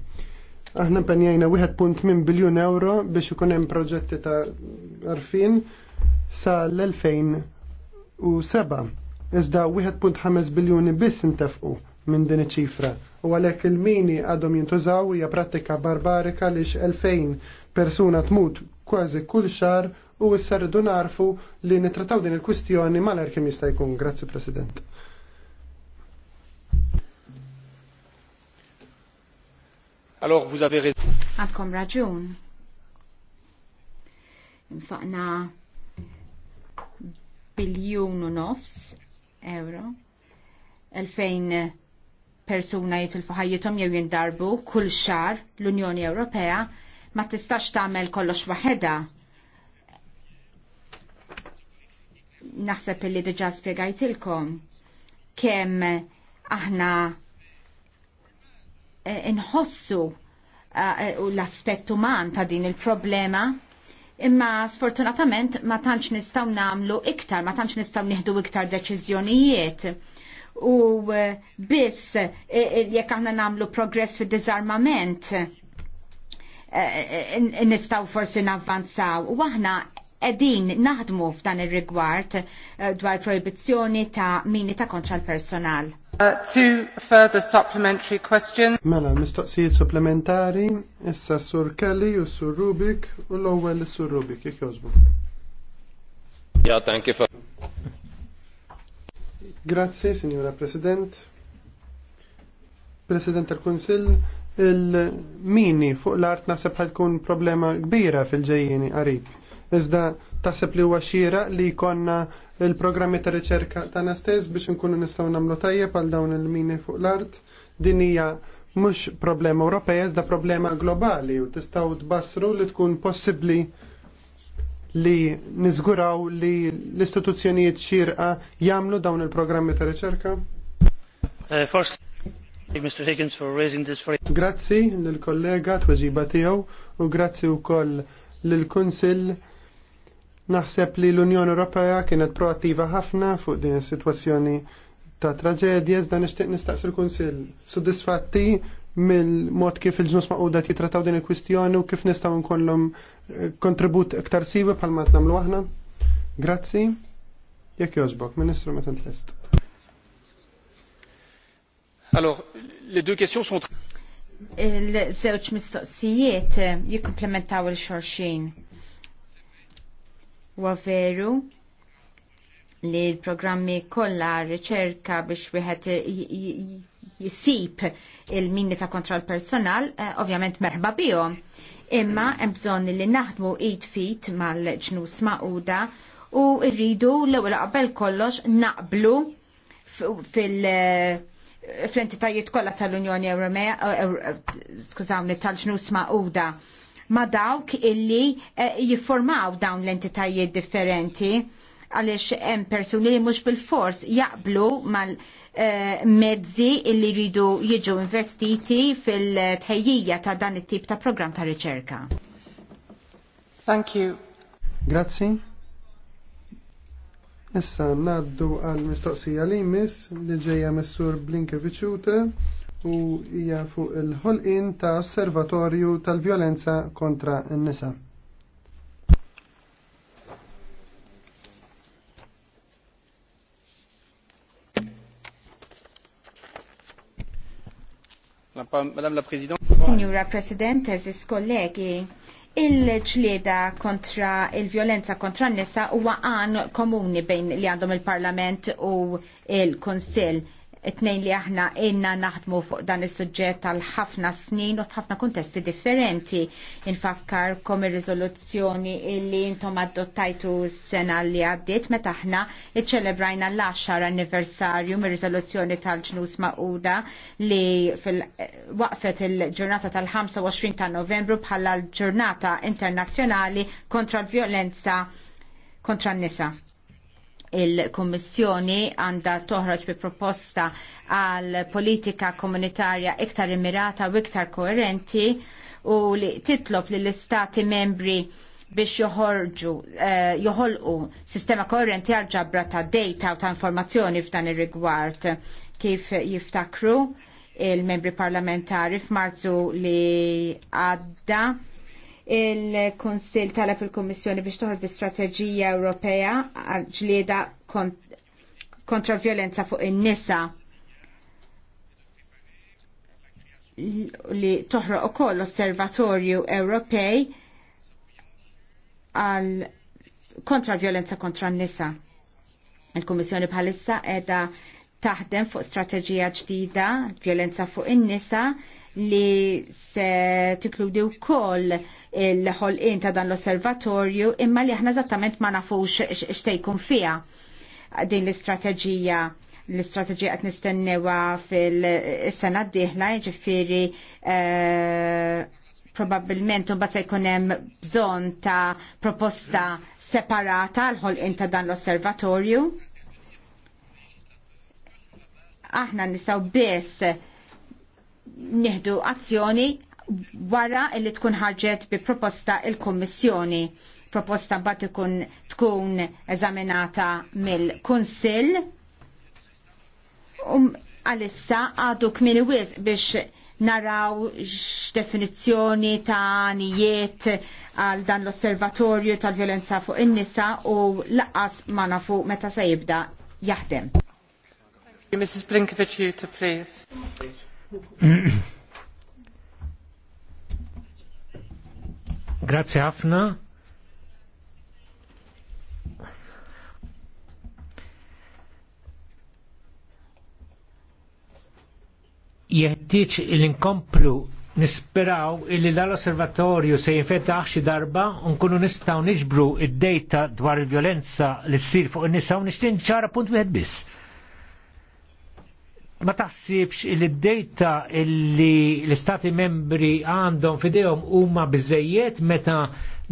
Aħna mpenjajna 1.8 biljun euro biex ikun hemm proġetti ta' arfin sa l-2007. Iżda 1.5 biljuni biss intefqu minn din iċ-ċifra. U għalhekk il-mini għadhom jintużaw hija prattika barbarika lix 2000 persuna tmut kważi kull xar u issa rridu narfu li nitrataw din il kustjoni maler kemm jista' jkun. Grazzi President. Alors vous avez raison. Għadkom raġun. Infaqna biljun u nofs euro. elfejn persuna jitil fuħajjitom jew jindarbu kull xar l-Unjoni Ewropea ma tistax tagħmel kollox waħedha naħseb illi diġa spiegajtilkom kemm aħna eh, inħossu eh, l-aspett uman ta' din il-problema imma sfortunatament ma tantx nistgħu nagħmlu iktar, ma tantx nistgħu nieħdu iktar deċiżjonijiet u eh, biss jekk aħna nagħmlu progress fid-diżarmament nistaw forsi navvanzaw. U aħna edin naħdmu f'dan ir-rigward eh, dwar proibizzjoni ta' mini ta' kontra l-personal. Uh, two further supplementary questions. Mela, mistoqsijiet supplementari, issa sur Kelly u sur Rubik u l-ewwel sur Rubik, jekk jogħġbu. Ja, thank you for... Grazzi, Signora President. President tal-Kunsill, il-mini fuq l-art nasib tkun problema kbira fil-ġejjeni qarib Iżda taħseb li huwa xira li jkollna il-programmi ta' riċerka tagħna stess biex inkunu nistgħu nagħmlu tajjeb għal dawn il-mini fuq l-art. Din hija mhux problema Ewropea iżda problema globali u tistgħu tbassru li tkun possibbli li niżguraw li l-istituzzjonijiet xirqa jagħmlu dawn il-programmi ta' riċerka? Uh, first, Mr. Higgins for raising this for Grazzi lill kollega tweġiba tiegħu u grazzi wkoll lill kunsill Naħseb li l-Unjoni Ewropea kienet proattiva ħafna fuq din is-sitwazzjoni ta' traġedja iżda nixtieq nistaqsi l-Kunsill. sodisfatti mill-mod kif il-ġnus maqudat jitrataw din il-kwistjoni u kif nistgħu nkollhom eh, kontribut iktar siwi bħal ma nagħmlu aħna. Grazzi. Jekk jogħġbok, Ministru meta tlest. Alors, les deux questions sont il-żewġ mistoqsijiet jikkomplementaw il-xorxin. Huwa veru li l-programmi kollha riċerka biex wieħed jisib il-minni ta' kontra l-personal, eh, ovvjament merħba bihom. Imma hemm bżonn li naħdmu id fit mal-ġnus maquda u rridu l-ewwel qabel kollox naqblu fil- eh, fl-entitajiet kollha tal-Unjoni Ewropea, eh, skużawni tal-ġnus Magħquda ma dawk illi eh, jiffurmaw dawn l-entitajiet differenti għaliex hemm persuni li mhux bil-fors jaqblu mal eh, mezzi illi jridu jiġu investiti fil-tħejjija ta' dan it-tip ta' programm ta' riċerka. Thank you. Grazzi. Issa naddu għal mistoqsija li miss li ġeja messur Blinke viċute u hija fuq il-ħolqien ta' osservatorju tal-vjolenza kontra n-nisa. Madame la Presidente. Signora Presidente, eżis kollegi, il-ġlieda kontra il-violenza kontra n-nisa huwa għan komuni bejn li għandhom il-Parlament u il-Konsil Tnejn li aħna inna naħdmu fuq dan is-suġġett għal ħafna snin u f'ħafna kuntesti differenti. Infakkar kom ir-riżoluzzjoni illi intom adottajtu s-sena li għaddiet meta aħna iċċelebrajna l-10 anniversarju mir-riżoluzzjoni tal-ġnus Mauda li fil-waqfet il-ġurnata tal-25 ta' novembru bħala l-ġurnata internazzjonali kontra l-vjolenza kontra n-nisa il-Kommissjoni għandha toħroġ bi proposta għal politika komunitarja iktar immirata u iktar koerenti u li titlob li l-istati membri biex joħorġu, uh, joħolqu sistema koerenti għal ġabra ta' data u ta' informazzjoni f'dan ir-rigward kif jiftakru il-membri parlamentari f'Marzu li għadda il-Konsil talab il-Kommissjoni biex toħol bi strateġija Ewropea ġlieda kontra violenza fuq in-nisa li toħroq ukoll osservatorju Ewropej għal kontra violenza kontra n-nisa. Il-Kommissjoni bħalissa edha taħdem fuq strateġija ġdida, violenza fuq in-nisa, li se tikludi wkoll il-ħolqien ta' dan l-osservatorju imma li aħna zattament ma nafux x'tejkun fija din l-istrateġija l-istrateġija qed nistennewa fil-sena d-dieħla jiġifieri eh, probabbilment imbagħad se jkun hemm bżonn ta' proposta separata l ħolqien ta' dan l-osservatorju. Aħna nisaw biss nieħdu azzjoni wara li tkun ħarġet bi proposta il-Kommissjoni. Proposta bat ikun tkun eżaminata mill-Kunsill. Um, għalissa għadu kmini wis biex naraw x-definizjoni ta' nijiet għal dan l-osservatorju tal-violenza fuq in-nisa u laqas ma nafu meta se jibda jaħdem. Mrs. Blinkovic, you to please. Grazie Afna. Jeħtieġ l-inkomplu nisperaw illi dal-osservatorju se jinfetta xi darba u nkunu nistgħu niġbru id-dejta dwar il-vjolenza li ssir fuq in-nisa u nixtieq ċara punt wieħed biss ma taħsibx il data illi l-istati membri għandhom fidejhom huma biżejjed meta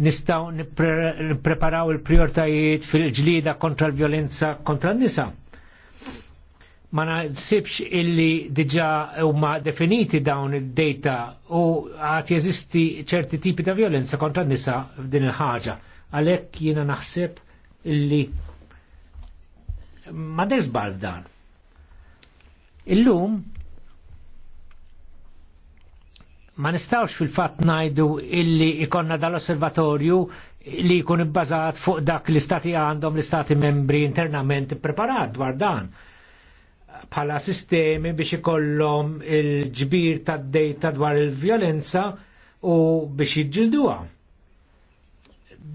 nistaw nippreparaw il-prioritajiet fil-ġlida kontra l-violenza kontra n-nisa. Ma naħsibx illi diġa huma definiti dawn id-data u għat jeżisti ċerti tipi ta' violenza kontra n-nisa f'din il-ħaġa. Għalhekk jiena naħseb illi ma deżbal dan Illum ma nistawx fil-fatt najdu illi ikonna dal-osservatorju li jkun ibbażat fuq dak l-istati għandhom l-istati membri internament preparat dwar dan bħala sistemi biex ikollhom il-ġbir tad-dejta dwar il-vjolenza u biex jiġġilduha.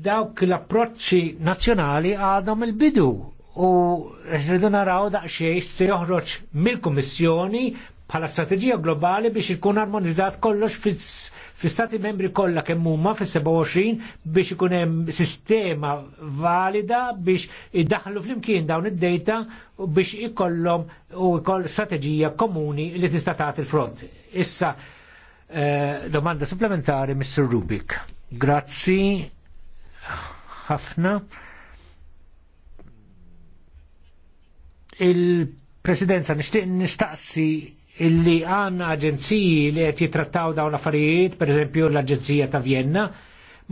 Dawk l-approċċi nazzjonali għadhom il-bidu u rridu naraw daqxiex se joħroġ mill-Kummissjoni bħala strateġija globali biex ikun armonizzat kollox fl-Stati membri kollha kemm huma fis-27 biex ikun hemm sistema valida biex iddaħlu flimkien dawn id-data biex ikollhom u jkoll strateġija komuni li tista' tagħti l front Issa eh, domanda supplementari Mr. Rubik. Grazzi ħafna. il-presidenza nixtieq nistaqsi illi għanna aġenziji li qed jitrattaw dawn l-affarijiet, pereżempju l-Aġenzija ta' Vienna,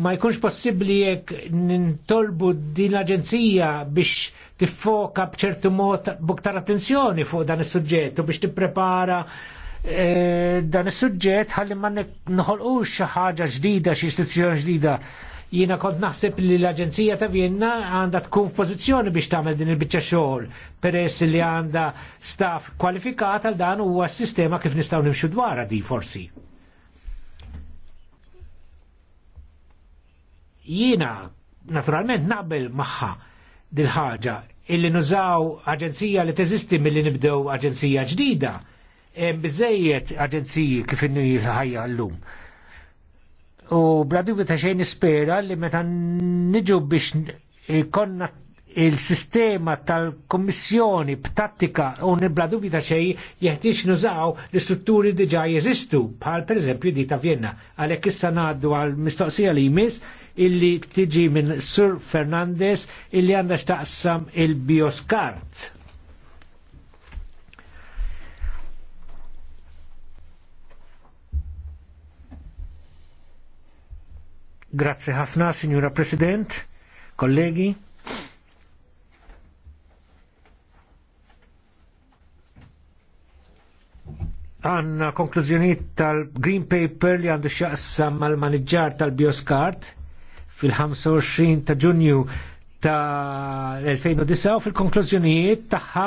ma jkunx possibbli jekk nintolbu din l-Aġenzija biex tiffoka b'ċertu mod buktar attenzjoni fuq dan is-suġġett u biex tipprepara eh, dan is-suġġett ħalli ma nħolqux xi ħaġa ġdida, xi istituzzjoni ġdida Jiena kont naħseb li l-Aġenzija ta' Vienna għandha tkun pożizzjoni biex tagħmel din il-biċċa xogħol peress li għandha staff kwalifikat għal dan huwa s-sistema kif nistgħu nimxu dwarha di forsi. Jiena naturalment naqbel magħha dil-ħaġa illi nużaw aġenzija li teżisti milli nibdew aġenzija ġdida. hemm Bizzejiet aġenziji kif inni ħajja llum. lum U bla dubju ta' xejn nispera li meta niġu biex konna il-sistema tal-Kommissjoni b'tattika u nibladu dubju ta' xej jeħtieġ nużaw l-istrutturi diġa jeżistu bħal per eżempju di ta' Vienna. Għalek issa naddu għal mistoqsija li jmiss illi tiġi minn Sur Fernandez illi għandha xtaqsam il-bioskart. Grazie ħafna, Signora President, kollegi. Għanna konklużjoniet tal-Green Paper li għandu xaqsa mal-maniġġar tal bioscard fil-25 ta' ġunju ta' 2009 u fil-konklużjonijiet tagħha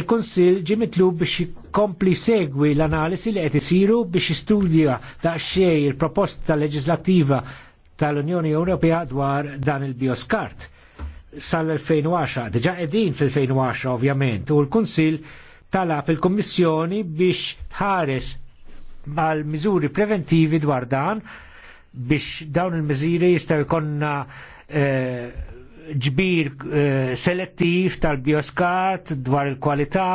il-Konsil ġi mitlub biex jkompli segwi l-analisi li qed isiru biex jistudja daqsxejn il-proposta leġislattiva tal-Unjoni Ewropea dwar dan il-bioskart sal-2010, diġa edin fil-2010 ovvjament, u l-Kunsil talab il-Kommissjoni biex tħares mal miżuri preventivi dwar dan biex dawn il-miżuri jistaw ikonna eh, ġbir eh, selettiv tal-bioskart dwar il-kwalità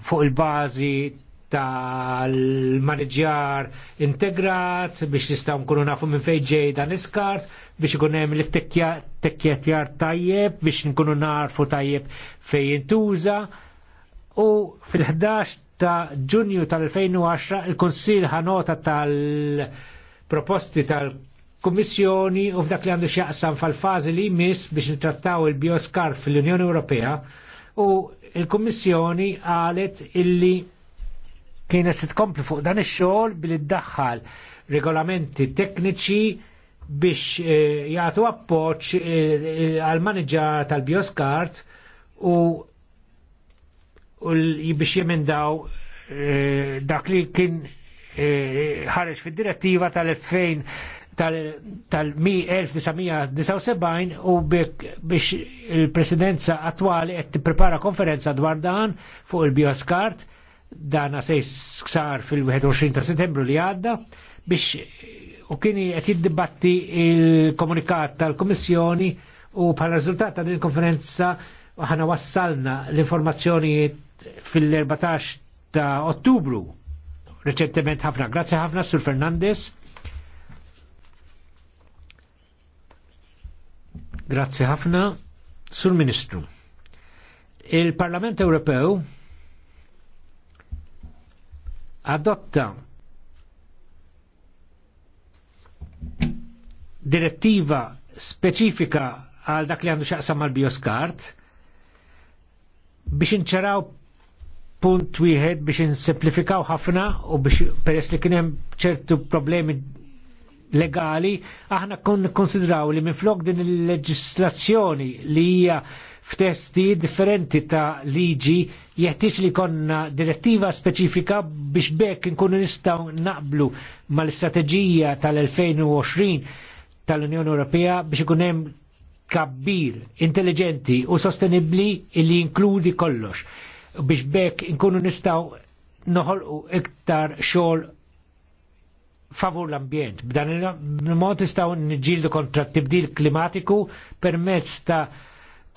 fuq il-bazi tal-maneġjar integrat biex nistaw nkunu nafu minn fejn ġej dan iskart biex ikun hemm l-tekkjetjar tajjeb biex nkunu narfu tajjeb fejn jintuża u fil-11 ta' Ġunju tal-2010 il-Kunsil ħanota tal-proposti tal-Kummissjoni u f'dak li għandu x'jaqsam fal-fażi li jmiss biex nittrattaw il-bioskart fil-Unjoni Ewropea u il-Kummissjoni qalet illi kienet titkompli fuq dan ix-xogħol billi ddaħħal regolamenti tekniċi biex eh, jagħtu appoġġ eh, għal maniġġar tal-bioskart u biex jemendaw eh, dak li kien ħareġ fid-direttiva tal-2000 tal-1979 u biex il-presidenza attwali qed tipprepara konferenza dwar dan fuq il-bioskart dana se sksar fil-21 ta' settembru li għadda biex u kien qed jiddibatti il-komunikat tal-Kummissjoni u bħala riżultat ta' din konferenza ħana wassalna l-informazzjoni fil-14 ta' Ottubru reċentement ħafna. Grazzi ħafna Sur Fernandez. Grazzi ħafna Sur Ministru. Il-Parlament Ewropew adotta direttiva speċifika għal dak li għandu xaqsam mal bioskart biex inċeraw punt wieħed biex insimplifikaw ħafna u biex peress li kien hemm ċertu problemi legali aħna kon konsidraw li minflok din il-leġislazzjoni li hija f'testi differenti ta' liġi jeħtieġ li konna direttiva speċifika biex bekk nkunu nistgħu naqblu mal-istrateġija tal-2020 tal-Unjoni Ewropea biex ikun hemm kabbir, intelligenti u sostenibbli li jinkludi kollox biex bekk nkunu nistgħu noħolqu iktar xogħol favur l-ambjent. B'dan il-mod nistgħu niġġieldu kontra t-tibdil klimatiku permezz ta'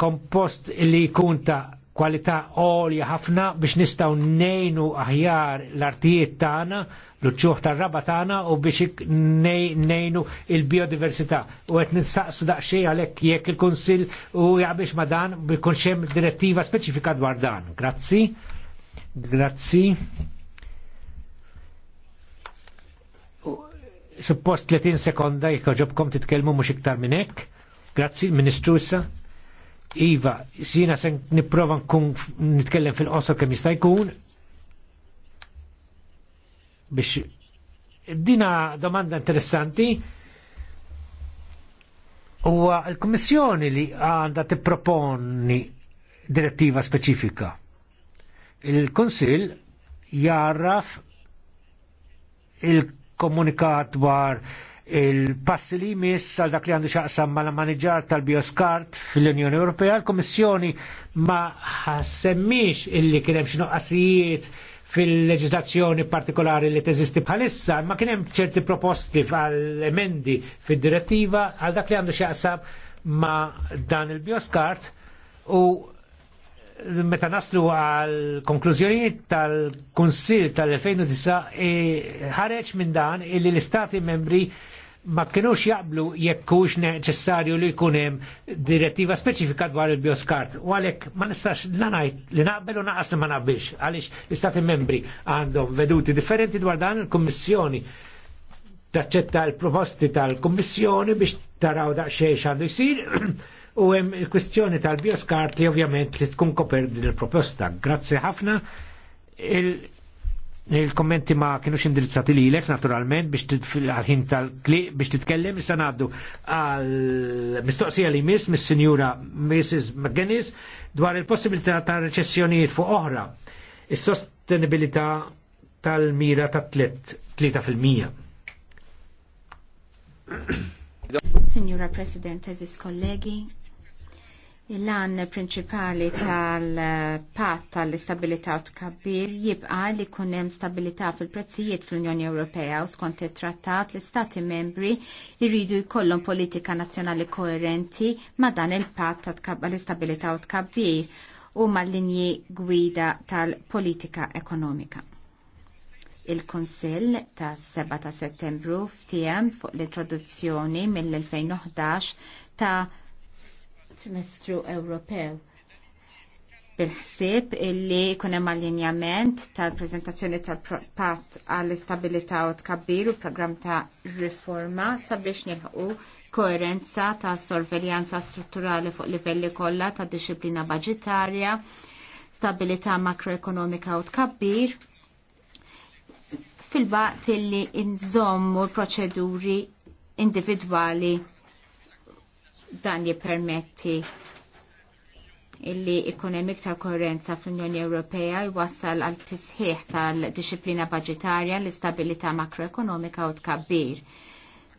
kompost li jkun ta' kwalità għolja ħafna biex nistaw nejnu aħjar l-artijiet tagħna, l-ċuħ tar-raba tagħna u biex nejnu il-biodiversità. U qed nistaqsu daqsxejn għalhekk jekk il-Kunsill u jaqbiex ma dan bi xem direttiva speċifika dwar dan. Grazzi. Grazzi. Suppost 30 sekonda jekk ġobkom titkellmu mhux iktar minn hekk. Grazzi, Ministru issa. Iva, jiena sen nipprova nkun nitkellem fil-qosor kem jista' jkun biex dina domanda interessanti U l-Kummissjoni li għandha tipproponi direttiva speċifika. Il-Konsil jarraf il-komunikat dwar il-passi li jmiss għal dak li għandu xaqsam ma l manager tal-bioskart fil-Unjoni Ewropea, l-Komissjoni ma ħassemmix illi kienem xnuqqasijiet fil-leġislazzjoni partikolari li teżisti bħalissa, ma kienem ċerti proposti għal emendi fil-direttiva għal dak li għandu xaqsam ma dan il-bioskart u meta naslu għal konklużjonijiet tal-Kunsil tal-2009 e, ħareġ minn dan illi l-Istati membri ma kienux jaqblu jekkux neċessarju li jkun hemm direttiva speċifika dwar il-bioskart. U għalhekk ma nistax la ngħid li naqbel u naqas li ma naqbilx għaliex l-Istati membri għandhom veduti differenti dwar dan il-Kummissjoni taċċetta l-proposti tal-Kummissjoni biex taraw daqsxejn x'għandu jsir u hemm il-kwistjoni tal-bioskart li ovvjament li tkun koper il proposta Grazzi ħafna. Il-kommenti ma kienu indirizzati li lek naturalment biex għalħin tal-kli biex titkellem issa ngħaddu għal mistoqsija li miss mis-sinjura Mrs. McGinnis dwar il-possibilità ta' recessjonijiet fuq oħra. Is-sostenibilità tal-mira ta' 3%. Signora Presidente, Zis kollegi, Il-lan prinċipali tal-pat tal-istabilità u tkabbir jibqa li kunem stabilità fil-prezzijiet fl-Unjoni Ewropea u skont it-trattat l-Istati membri jiridu jkollhom politika nazzjonali koerenti ma dan il-pat tal-istabilità u tkabbir u mal-linji gwida tal-politika ekonomika. Il-Konsil ta' 7 ta' settembru ftijem fuq l-introduzzjoni mill-2011 ta' semestru Ewropew bil-ħsib illi kunem allinjament tal-prezentazzjoni tal-pat għall-istabilità u tkabbir u program ta' riforma sabiex nilħu koerenza ta' sorveljanza strutturali fuq livelli kollha ta' disciplina budgetarja, stabilità makroekonomika u tkabbir fil-baqt illi inżommu l-proċeduri individwali dan jippermetti illi hemm iktar koerenza fl-Unjoni Ewropea jwassal għal tisħiħ tal-disciplina budgetarja l-istabilità makroekonomika u tkabbir.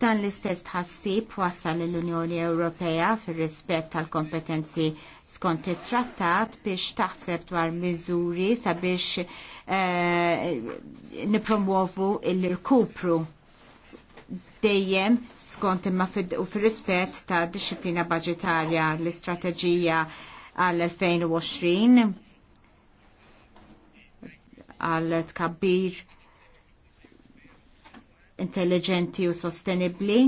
Dan l-istess tħassib wassal l-Unjoni Ewropea fir rispett tal-kompetenzi skont it-trattat biex taħseb dwar miżuri sabiex uh, nipromuovu l-irkupru dejjem skont imma u fil-rispett ta' disciplina budgetarja l-istrateġija għal-2020 għal tkabbir intelligenti u sostenibli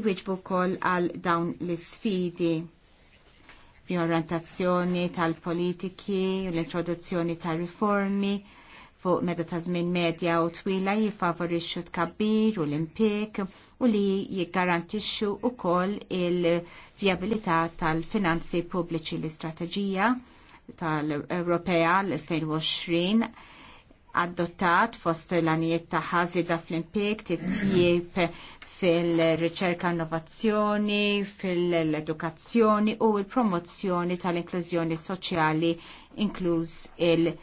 iwieġbu wkoll għal dawn l-sfidi l-orientazzjoni tal-politiki u l-introduzzjoni tal-riformi tal politiki u l introduzzjoni tal riformi fuq meta ta' żmien medja u twila jifavorixxu tkabbir u l-impik u li jiggarantixxu wkoll il-vjabilità tal-finanzi pubbliċi l-istrateġija tal-Ewropea l-2020 adottat fost l-anijiet ta' ħażida fl-impik titjib fil-riċerka innovazzjoni, fil-edukazzjoni u l-promozzjoni tal-inklużjoni soċjali inkluż il-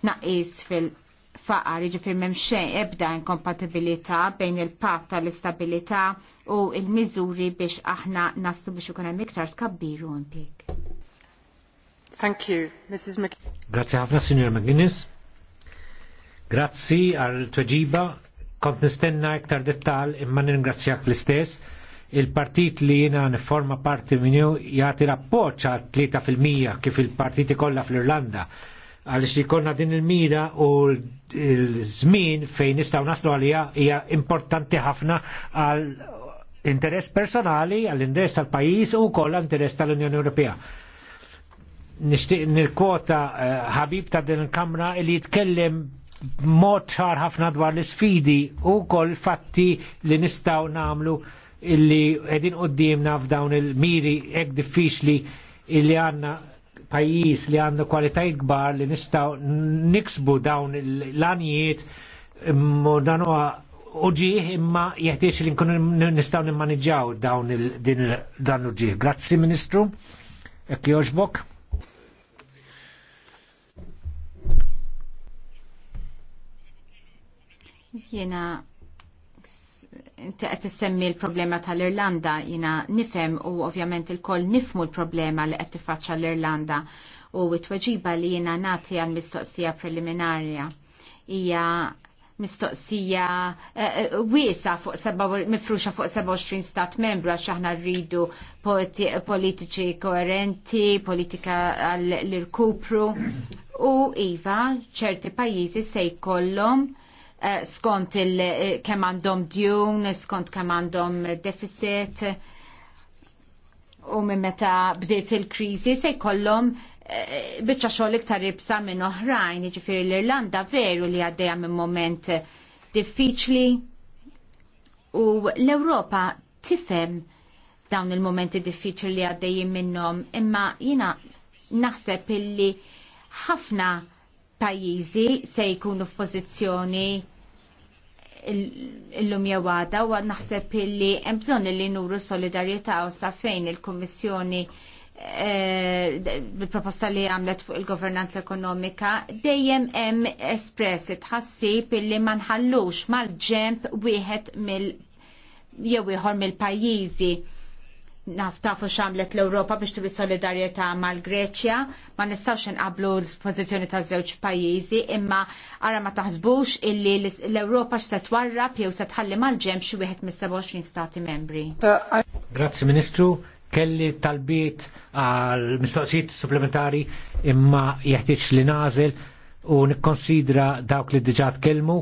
tnaqqis fil-faqar, jiġifier m'hemm xejn ebda inkompatibilità bejn il-patt tal-istabilità u l-miżuri biex aħna naslu biex ikun hemm iktar tkabbir u impik. Thank you, Mrs. McGuinness. Grazie ħafna, Signor McGuinness. Grazzi għal tweġiba kont nistenna iktar dettal imma ningrazzjak l-istess. Il-partit li jina niforma parti minnu jgħati għat-tlieta fil 3% kif il-partiti kollha fl-Irlanda għalix li konna din il-mira u l-żmien fejn nistaw naslu għalija hija importanti ħafna għal interess personali, għall interess tal-pajis u koll interess tal-Unjoni Ewropea. Nishtiq nil-kota eh, ħabib ta' din il-kamra li jitkellem mod ċar ħafna dwar l-sfidi u koll fatti li nistaw namlu illi edin qoddimna f'dawn il-miri ek diffiċli illi għanna pajjiż li għandu kwalitajt kbar li nistgħu niksbu dawn l-anijiet dan huwa uġieħ imma jeħtieġ li nkunu nistgħu nimmaniġġaw dawn din dan uġieħ. Grazzi Ministru, jekk jogħġbok. Jiena inti qed issemmi l-problema tal-Irlanda jina nifhem u ovvjament il-koll nifmu l-problema li qed tiffaċċa l-Irlanda u t-tweġiba li jina nati għal mistoqsija preliminarja hija mistoqsija eh, eh, wiesa fuq mifruxa fuq 27 stat membru għax aħna rridu politiċi koerenti, politika l-irkupru u iva ċerti pajjiżi se jkollhom Eh, skont il eh, kemm għandhom djun, skont kemm għandhom deficit u minn meta bdiet il-kriżi se jkollhom eh, biċċa xogħol iktar ibsa minn oħrajn, jiġifieri l-Irlanda veru li għaddejja minn moment diffiċli u l-Ewropa tifhem dawn il-momenti diffiċli li għaddejjin minnhom, imma jiena naħseb illi ħafna pajjiżi se jkunu f'pożizzjoni illum jawada u naħseb illi hemm bżonn li nuru solidarjetà u safejn il-Kummissjoni eh, il proposta li għamlet fuq il-governanza ekonomika dejjem hemm espress tħassib illi ma nħallux mal-ġemp wieħed mill jew ieħor mill-pajjiżi naftafu xamlet l-Europa biex tubi solidarieta mal-Greċja, ma nistawx nqablu l-pozizjoni ta' żewġ pajjiżi, imma ara ma taħsbux illi l-Europa x'se twarrab jew se tħalli mal ġem xi wieħed mis-27 stati membri. Grazzi Ministru, kelli talbiet għal mistoqsijiet supplementari imma jeħtieġ li nażel u nikkonsidra dawk li diġà tkellmu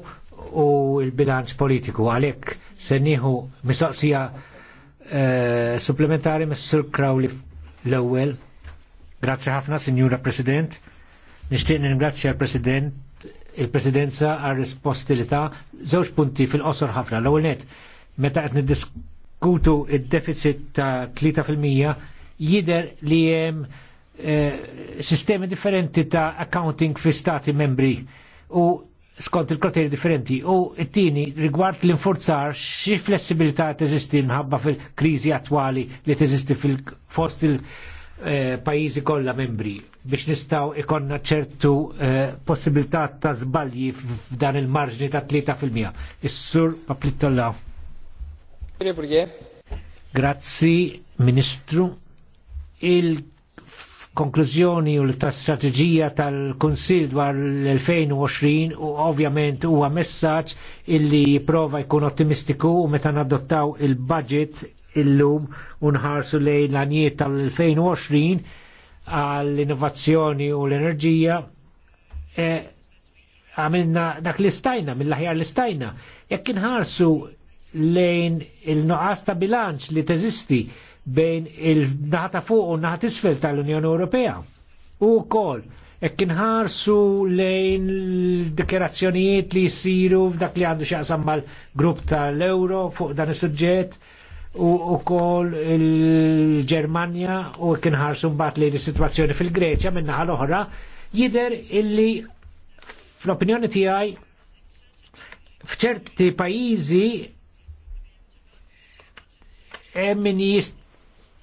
u l-bilanċ politiku għalhekk se nieħu mistoqsija Eh, supplementari Mr. Crowley l-ewwel. Grazzi ħafna, Signora President. Nishtiq ningrazzja l-President il-Presidenza għal risposti li ta' żewġ punti fil-qosor ħafna. L-ewwel net, meta qed niddiskutu id-deficit ta' 3% jider li hemm eh, sistemi differenti ta' accounting fi stati membri u skont il kriteri differenti u t-tini rigward l-infurzar xi flessibilità teżisti mħabba fil-kriżi attwali li teżisti fil-fost il-pajizi eh, kollha membri biex nistaw ikonna ċertu eh, possibilità ta' żbalji f'dan il-marġni ta' 3%. Is-sur Paplittolla. Grazzi, Ministru. Il konklużjoni u ta' strategija tal kunsill dwar l-2020 u ovvjament huwa messaġġ illi jipprova jkun ottimistiku u meta nadottaw il-budget illum u nħarsu lejn l-anijiet tal-2020 għall-innovazzjoni u l-enerġija e, għamilna dak li stajna, mill-aħjar li stajna, jekk inħarsu lejn il-noqas ta' bilanċ li teżisti bejn il naħta fuq u naħta isfel tal-Unjoni Ewropea. U kol, jekk kienħarsu lejn dikjerazzjonijiet li jisiru f'dak li għandu xaqsam mal-grupp tal-Euro fuq dan is-suġġett u wkoll il-Ġermanja u jekk inħarsu mbagħad lejn is-sitwazzjoni fil-Greċja minn naħa l-oħra, jidher illi fl-opinjoni tiegħi f'ċerti pajjiżi hemm min jist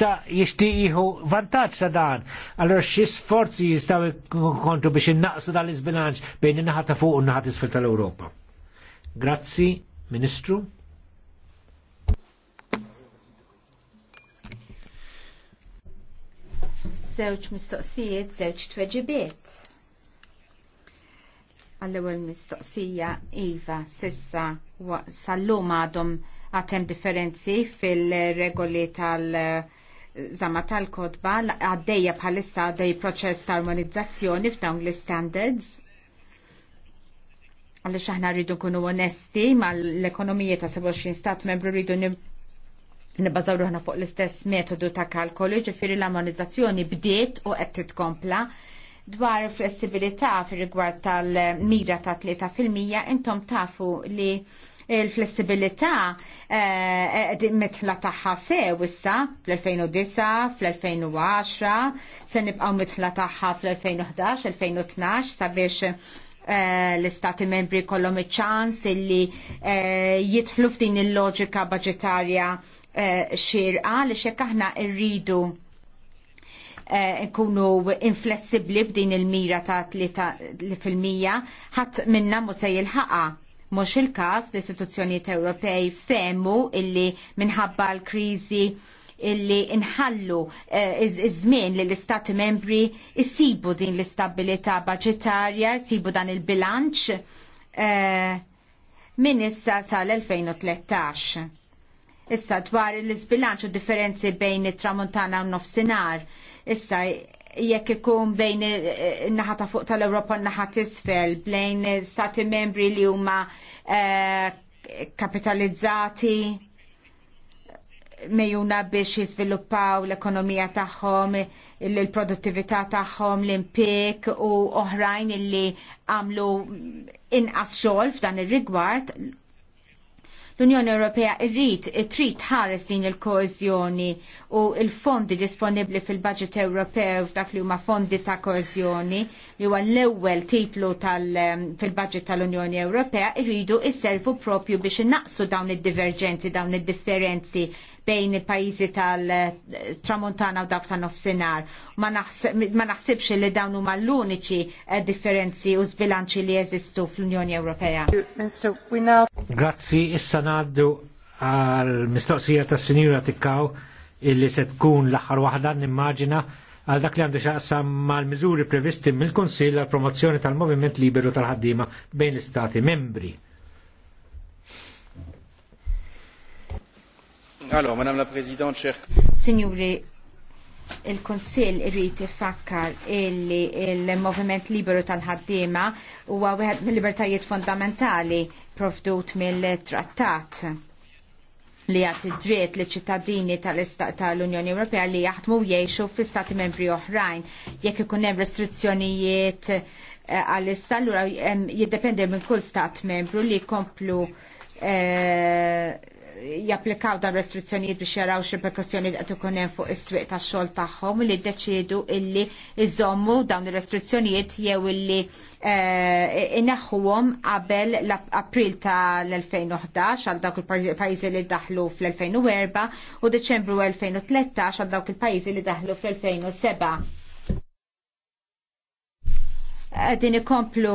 ta' jishtiqiħu vantaġġ ta' dan. Allora xi sforzi jistgħu kontu biex innaqsu dal izbilanċ bejn innaħat ta' fuq u n tal europa Grazzi, Ministru. Sewċ mistoqsijiet, żewġ tweġibiet. Għallewel mistoqsija Iva sissa sal għadhom għatem differenzi fil-regoli tal- zama tal-kodba għaddejja bħalissa għaddej proċess ta' armonizzazzjoni f'dawn l-standards għalli aħna rridu kunu onesti mal-ekonomija ta' 27 stat membru rridu nibbażaw ruħna fuq l-istess metodu ta' kalkoli ġifiri l-armonizzazzjoni bdiet u qed titkompla dwar flessibilità fir rigward tal-mira ta' 3% intom tafu li il-flessibilità eh, eh, mitħla taħħa sew issa fl-2009, fl-2010, se nibqgħu mitħla taħħa fl-2011, 2012 sabiex eh, l-istati membri kollom iċ-ċans illi jidħlu f'din il-loġika budgetarja xirqa li xekk aħna rridu nkunu inflessibli b'din il-mira ta' 3% ħadd minna mu se ħaqa Mhux il-każ l-istituzzjonijiet Ewropej femu illi minħabba l-kriżi illi inħallu eh, iż-żmien li l-istati membri jsibu din l-istabilità budgetarja, jsibu dan il-bilanċ eh, minn issa sal-2013. Issa dwar l-isbilanċ u differenzi bejn it-tramuntana u nofsinhar. Issa jekk ikun bejn eh, naħa ta' fuq tal-Ewropa naħa tisfel bejn stati membri li huma eh, kapitalizzati mejuna biex jiżviluppaw l-ekonomija tagħhom, l-produttività tagħhom, l-impik u oħrajn illi għamlu inqas xogħol f'dan ir-rigward L-Unjoni Ewropea irrid trid ħares din il-koeżjoni u l-fondi disponibbli fil budget Ewropew dak li huma fondi ta' koeżjoni li huwa l-ewwel titlu fil budget tal-Unjoni Ewropea irridu isservu propju biex innaqsu dawn id-divergenzi, dawn id-differenzi bejn il-pajjiżi tal-Tramontana u dawk ta' nofsinhar Ma naħsibx li dawn huma l-uniċi eh, differenzi u zbilanċi li jeżistu fl-Unjoni Ewropea. Grazzi, issa ngħaddu għal-mistoqsija tas-Sinjura Tikkaw illi se tkun l-aħħar waħda nimmaġina għal dak li għandu xaqsam mal miżuri previsti mill-Konsil għal promozzjoni tal-Moviment Liberu tal-ħaddima bejn l-Stati membri. Allora, Signori, il-Konsil irrit ifakkar illi il-Moviment Liberu tal-ħaddiema huwa wieħed mill-libertajiet fondamentali provdut mill-trattat li għat id-dritt li ċittadini tal-Unjoni Ewropea li jaħdmu jgħixu fi stati membri oħrajn jekk ikun hemm restrizzjonijiet eh, għall-issa allura jiddependi minn kull stat membru li jkomplu eh, japplikaw dan restrizzjonijiet biex jaraw xi reperkussjonijiet qed ikun hemm fuq is triq tax-xogħol tagħhom li ddeċiedu illi iżommu dawn ir-restrizzjonijiet jew illi eh, inaħħuhom qabel l-April tal-2011 għal dawk il-pajjiżi li daħlu fl-2004 u Deċembru 2013 għal dawk il-pajjiżi li daħlu fl-2007 din ikomplu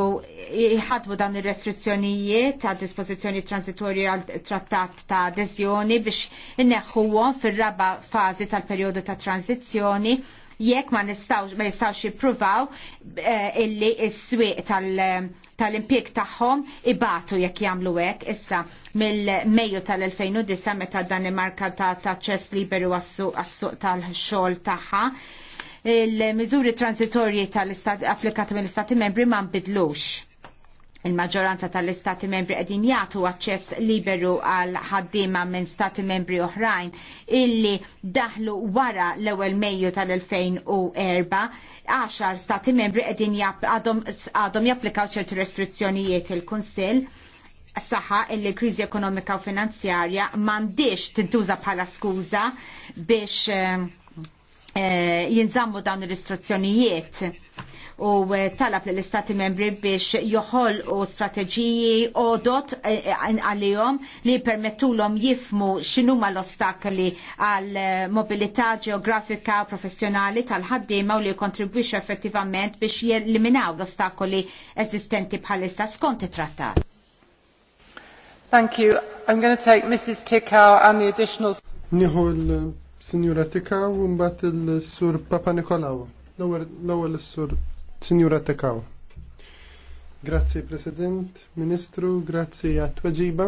jħadmu dan ir-restrizzjonijiet għal dispożizzjoni transitorju għal trattat ta' adeżjoni biex inneħħuhom fir-raba fażi tal-perjodu ta' transizzjoni jekk ma nistawx ma jistawx jippruvaw eh, illi s-swieq tal-impjeg tagħhom ibatu jekk jagħmlu hekk issa mill-Mejju tal-2009 meta Danimarka ta' ċess liberu għas-suq tal-xogħol tagħha il-miżuri transitorji tal-Istati applikati mill-Istati membri ma nbidlux. Il-maġġoranza tal-Istati membri qegħdin jagħtu aċċess liberu għal ħaddiema minn Stati membri oħrajn illi daħlu wara l-ewwel Mejju tal-2004 għaxar Stati membri qegħdin għadhom japplikaw ċertu restrizzjonijiet il-Kunsill saħħa illi kriżi ekonomika u finanzjarja m'għandix tintuża bħala skuża biex eh, Eh, jinżammu dawn l-istruzzjonijiet u eh, talab l-istati membri biex joħol u strategiji odot eh, għalihom li permettulhom jifmu x'inhuma l-ostakli għal mobilità ġeografika u professjonali tal-ħaddiema u li kontribwix effettivament biex jeliminaw l-ostakoli eżistenti bħalissa skont it-trattat. Thank you. I'm going to take Mrs. Tickau and the additional... Signora Tikaw, mbagħad il-Sur Papa Nikolaw. L-ewwel is-Sur Signora Tikaw. Grazzi President, Ministru, grazzi għat-tweġiba.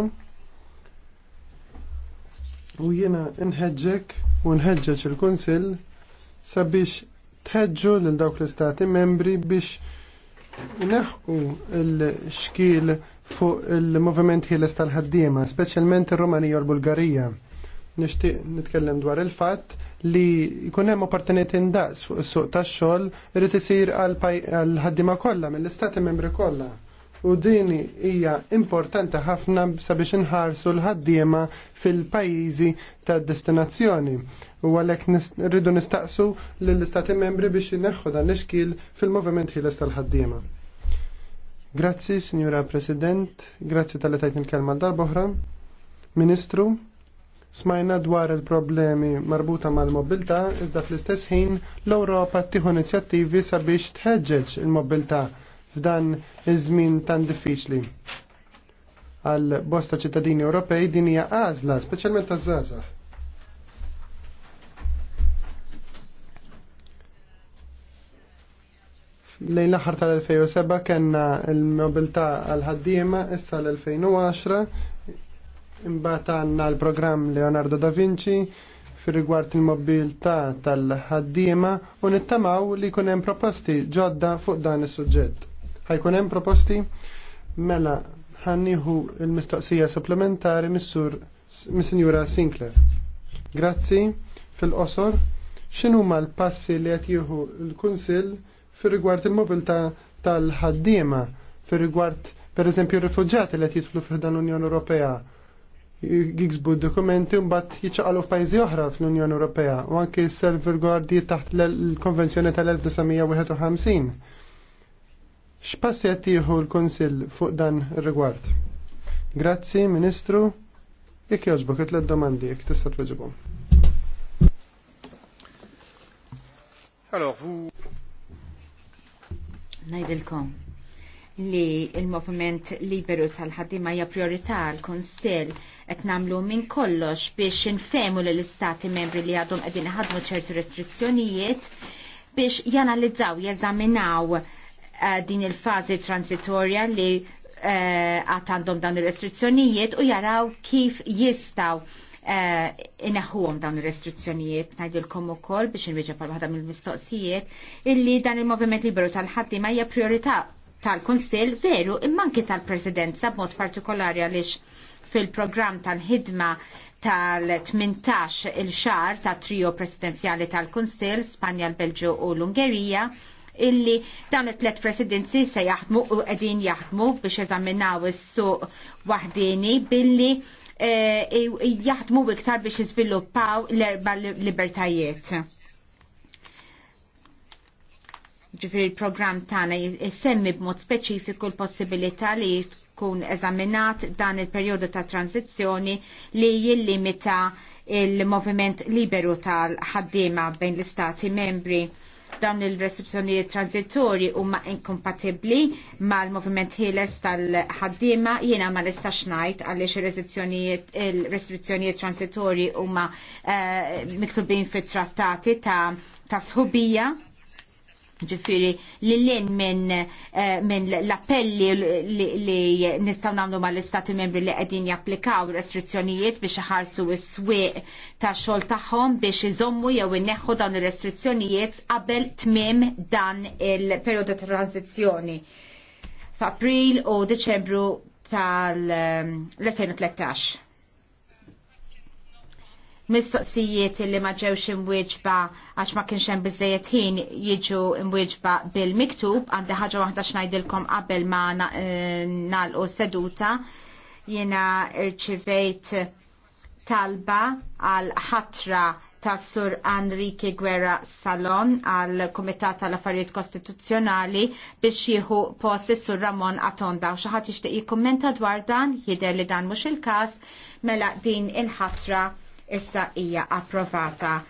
U jiena nħeġġek u nħeġġeġ il-Kunsill sabiex tħeġġu lil dawk l-istati membri biex neħqu l-xkil fuq il-moviment ħieles tal-ħaddiema, speċjalment ir-Rumanija u l-Bulgarija nixtieq nitkellem dwar il-fatt li jkun hemm opportunitajiet indaqs fuq is-suq tax-xogħol irid isir għal ħaddiema kollha mill-istati membri kollha. U din hija importanti ħafna sabiex inħarsu l-ħaddiema fil-pajjiżi tad-destinazzjoni. U għalhekk rridu nistaqsu lill-istati membri biex ineħħu dan l-ixkil fil-moviment ħieles tal-ħaddiema. Grazzi, Signora President, grazzi tal-li tajtni l-kelma darboħra. Ministru, Smajna dwar il-problemi marbuta mal-mobilità iżda fl-istess ħin l-Ewropa ttieħu inizjattivi sabiex tħeġġeġ il-mobilità f'dan iż-żmien tan diffiċli. Għal bosta ċittadini Ewropej din hija għażla, speċjalment taż-żgħażagħ. lejn l-aħħar tal-2007 kellna l-mobilità għal ħaddiema issa l-2010 Imbagħad għandna l-programm Leonardo da Vinci fir rigward il-mobilità tal-ħaddiema u nittamaw li jkun hemm proposti ġodda fuq dan is-suġġett. Ħajkun hemm proposti mela ħanniħu il-mistoqsija supplementari missur missinjura Sinclair. Grazzi fil-qosor xinu ma l-passi li qed jieħu l-Kunsill fir-rigward il-mobilità tal-ħaddiema fir-rigward pereżempju r-rifuġġati li qed jidħlu fih l-Unjoni Ewropea jiksbu dokumenti mbagħad jiċċaqalu f'pajjiżi oħra fl-Unjoni Ewropea u anke s-salvgwardji taħt l-Konvenzjoni tal-1951. X'passi qed jieħu l-Kunsill fuq dan ir-rigward? Grazzi, Ministru. Jekk jogħġbok it domandi jekk tista' tweġibhom. Alors, vous... Najdilkom li il-movement liberu tal-ħaddima hija priorità l konsil qed namlu minn kollox biex infemu l istati membri li għadhom qegħdin ħadmu ċertu restrizzjonijiet biex janalizzaw, jeżaminaw eh, din il-fażi transitorja li eh, għat għandhom dawn il-restrizzjonijiet u jaraw kif jistaw eh, inaħuħom dawn il-restrizzjonijiet, najdilkom u koll biex nriġa pal mill-mistoqsijiet, illi dan il-movement liberu tal-ħaddi ma hija priorità tal-Konsil veru imman anke tal-Presidenza b'mod partikolari għaliex fil-programm tal-ħidma tal-18 il-xar ta' trio presidenzjali tal-Kunsil, Spanja, l-Belġu u l-Ungerija, illi dawn it-tlet presidenzi se jaħdmu u qegħdin jaħdmu biex eżaminaw is-suq wahdini billi eh, jaħdmu iktar biex iżviluppaw l-erba libertajiet. Ġifir il-program tagħna jsemmi b'mod speċifiku l-possibilità li ikun eżaminat dan il-perjodu ta' tranzizzjoni li jillimita il-moviment liberu tal-ħaddiema bejn l-istati membri dawn il-restrizzjonijiet transitorji huma inkompatibbli mal-moviment ħieles tal-ħaddiema jiena ma nistax ngħid għaliex ir-restrizzjonijiet il-restrizzjonijiet transitorji huma uh, miktubin fit-trattati ta' ta' sħubija ġifiri li l-in minn eh, min l-appelli li nistaw namlu ma l-istati membri li għedin japplikaw restrizzjonijiet biex ħarsu s-swiq ta' xol taħħom biex iżommu jew inneħħu dawn il-restrizzjonijiet qabel tmim dan il-periodu ta' tranzizjoni f'April u Deċembru tal-2013. Eh, mistoqsijiet li ma ġewx imwieġba għax ma kienx hemm biżejjed ħin jiġu imwieġba bil-miktub għandi ħaġa waħda xngħidilkom qabel ma nagħlqu eh, seduta jiena irċivejt talba għal ħatra ta' Sur Enrique Guerra Salon għal Kumitat tal-Affarijiet Kostituzzjonali biex jieħu post Sur Ramon Atonda. U xaħat ixtieq jikkummenta dwar dan, jidher li dan mhux il-każ, mela din il-ħatra issa hija approvata.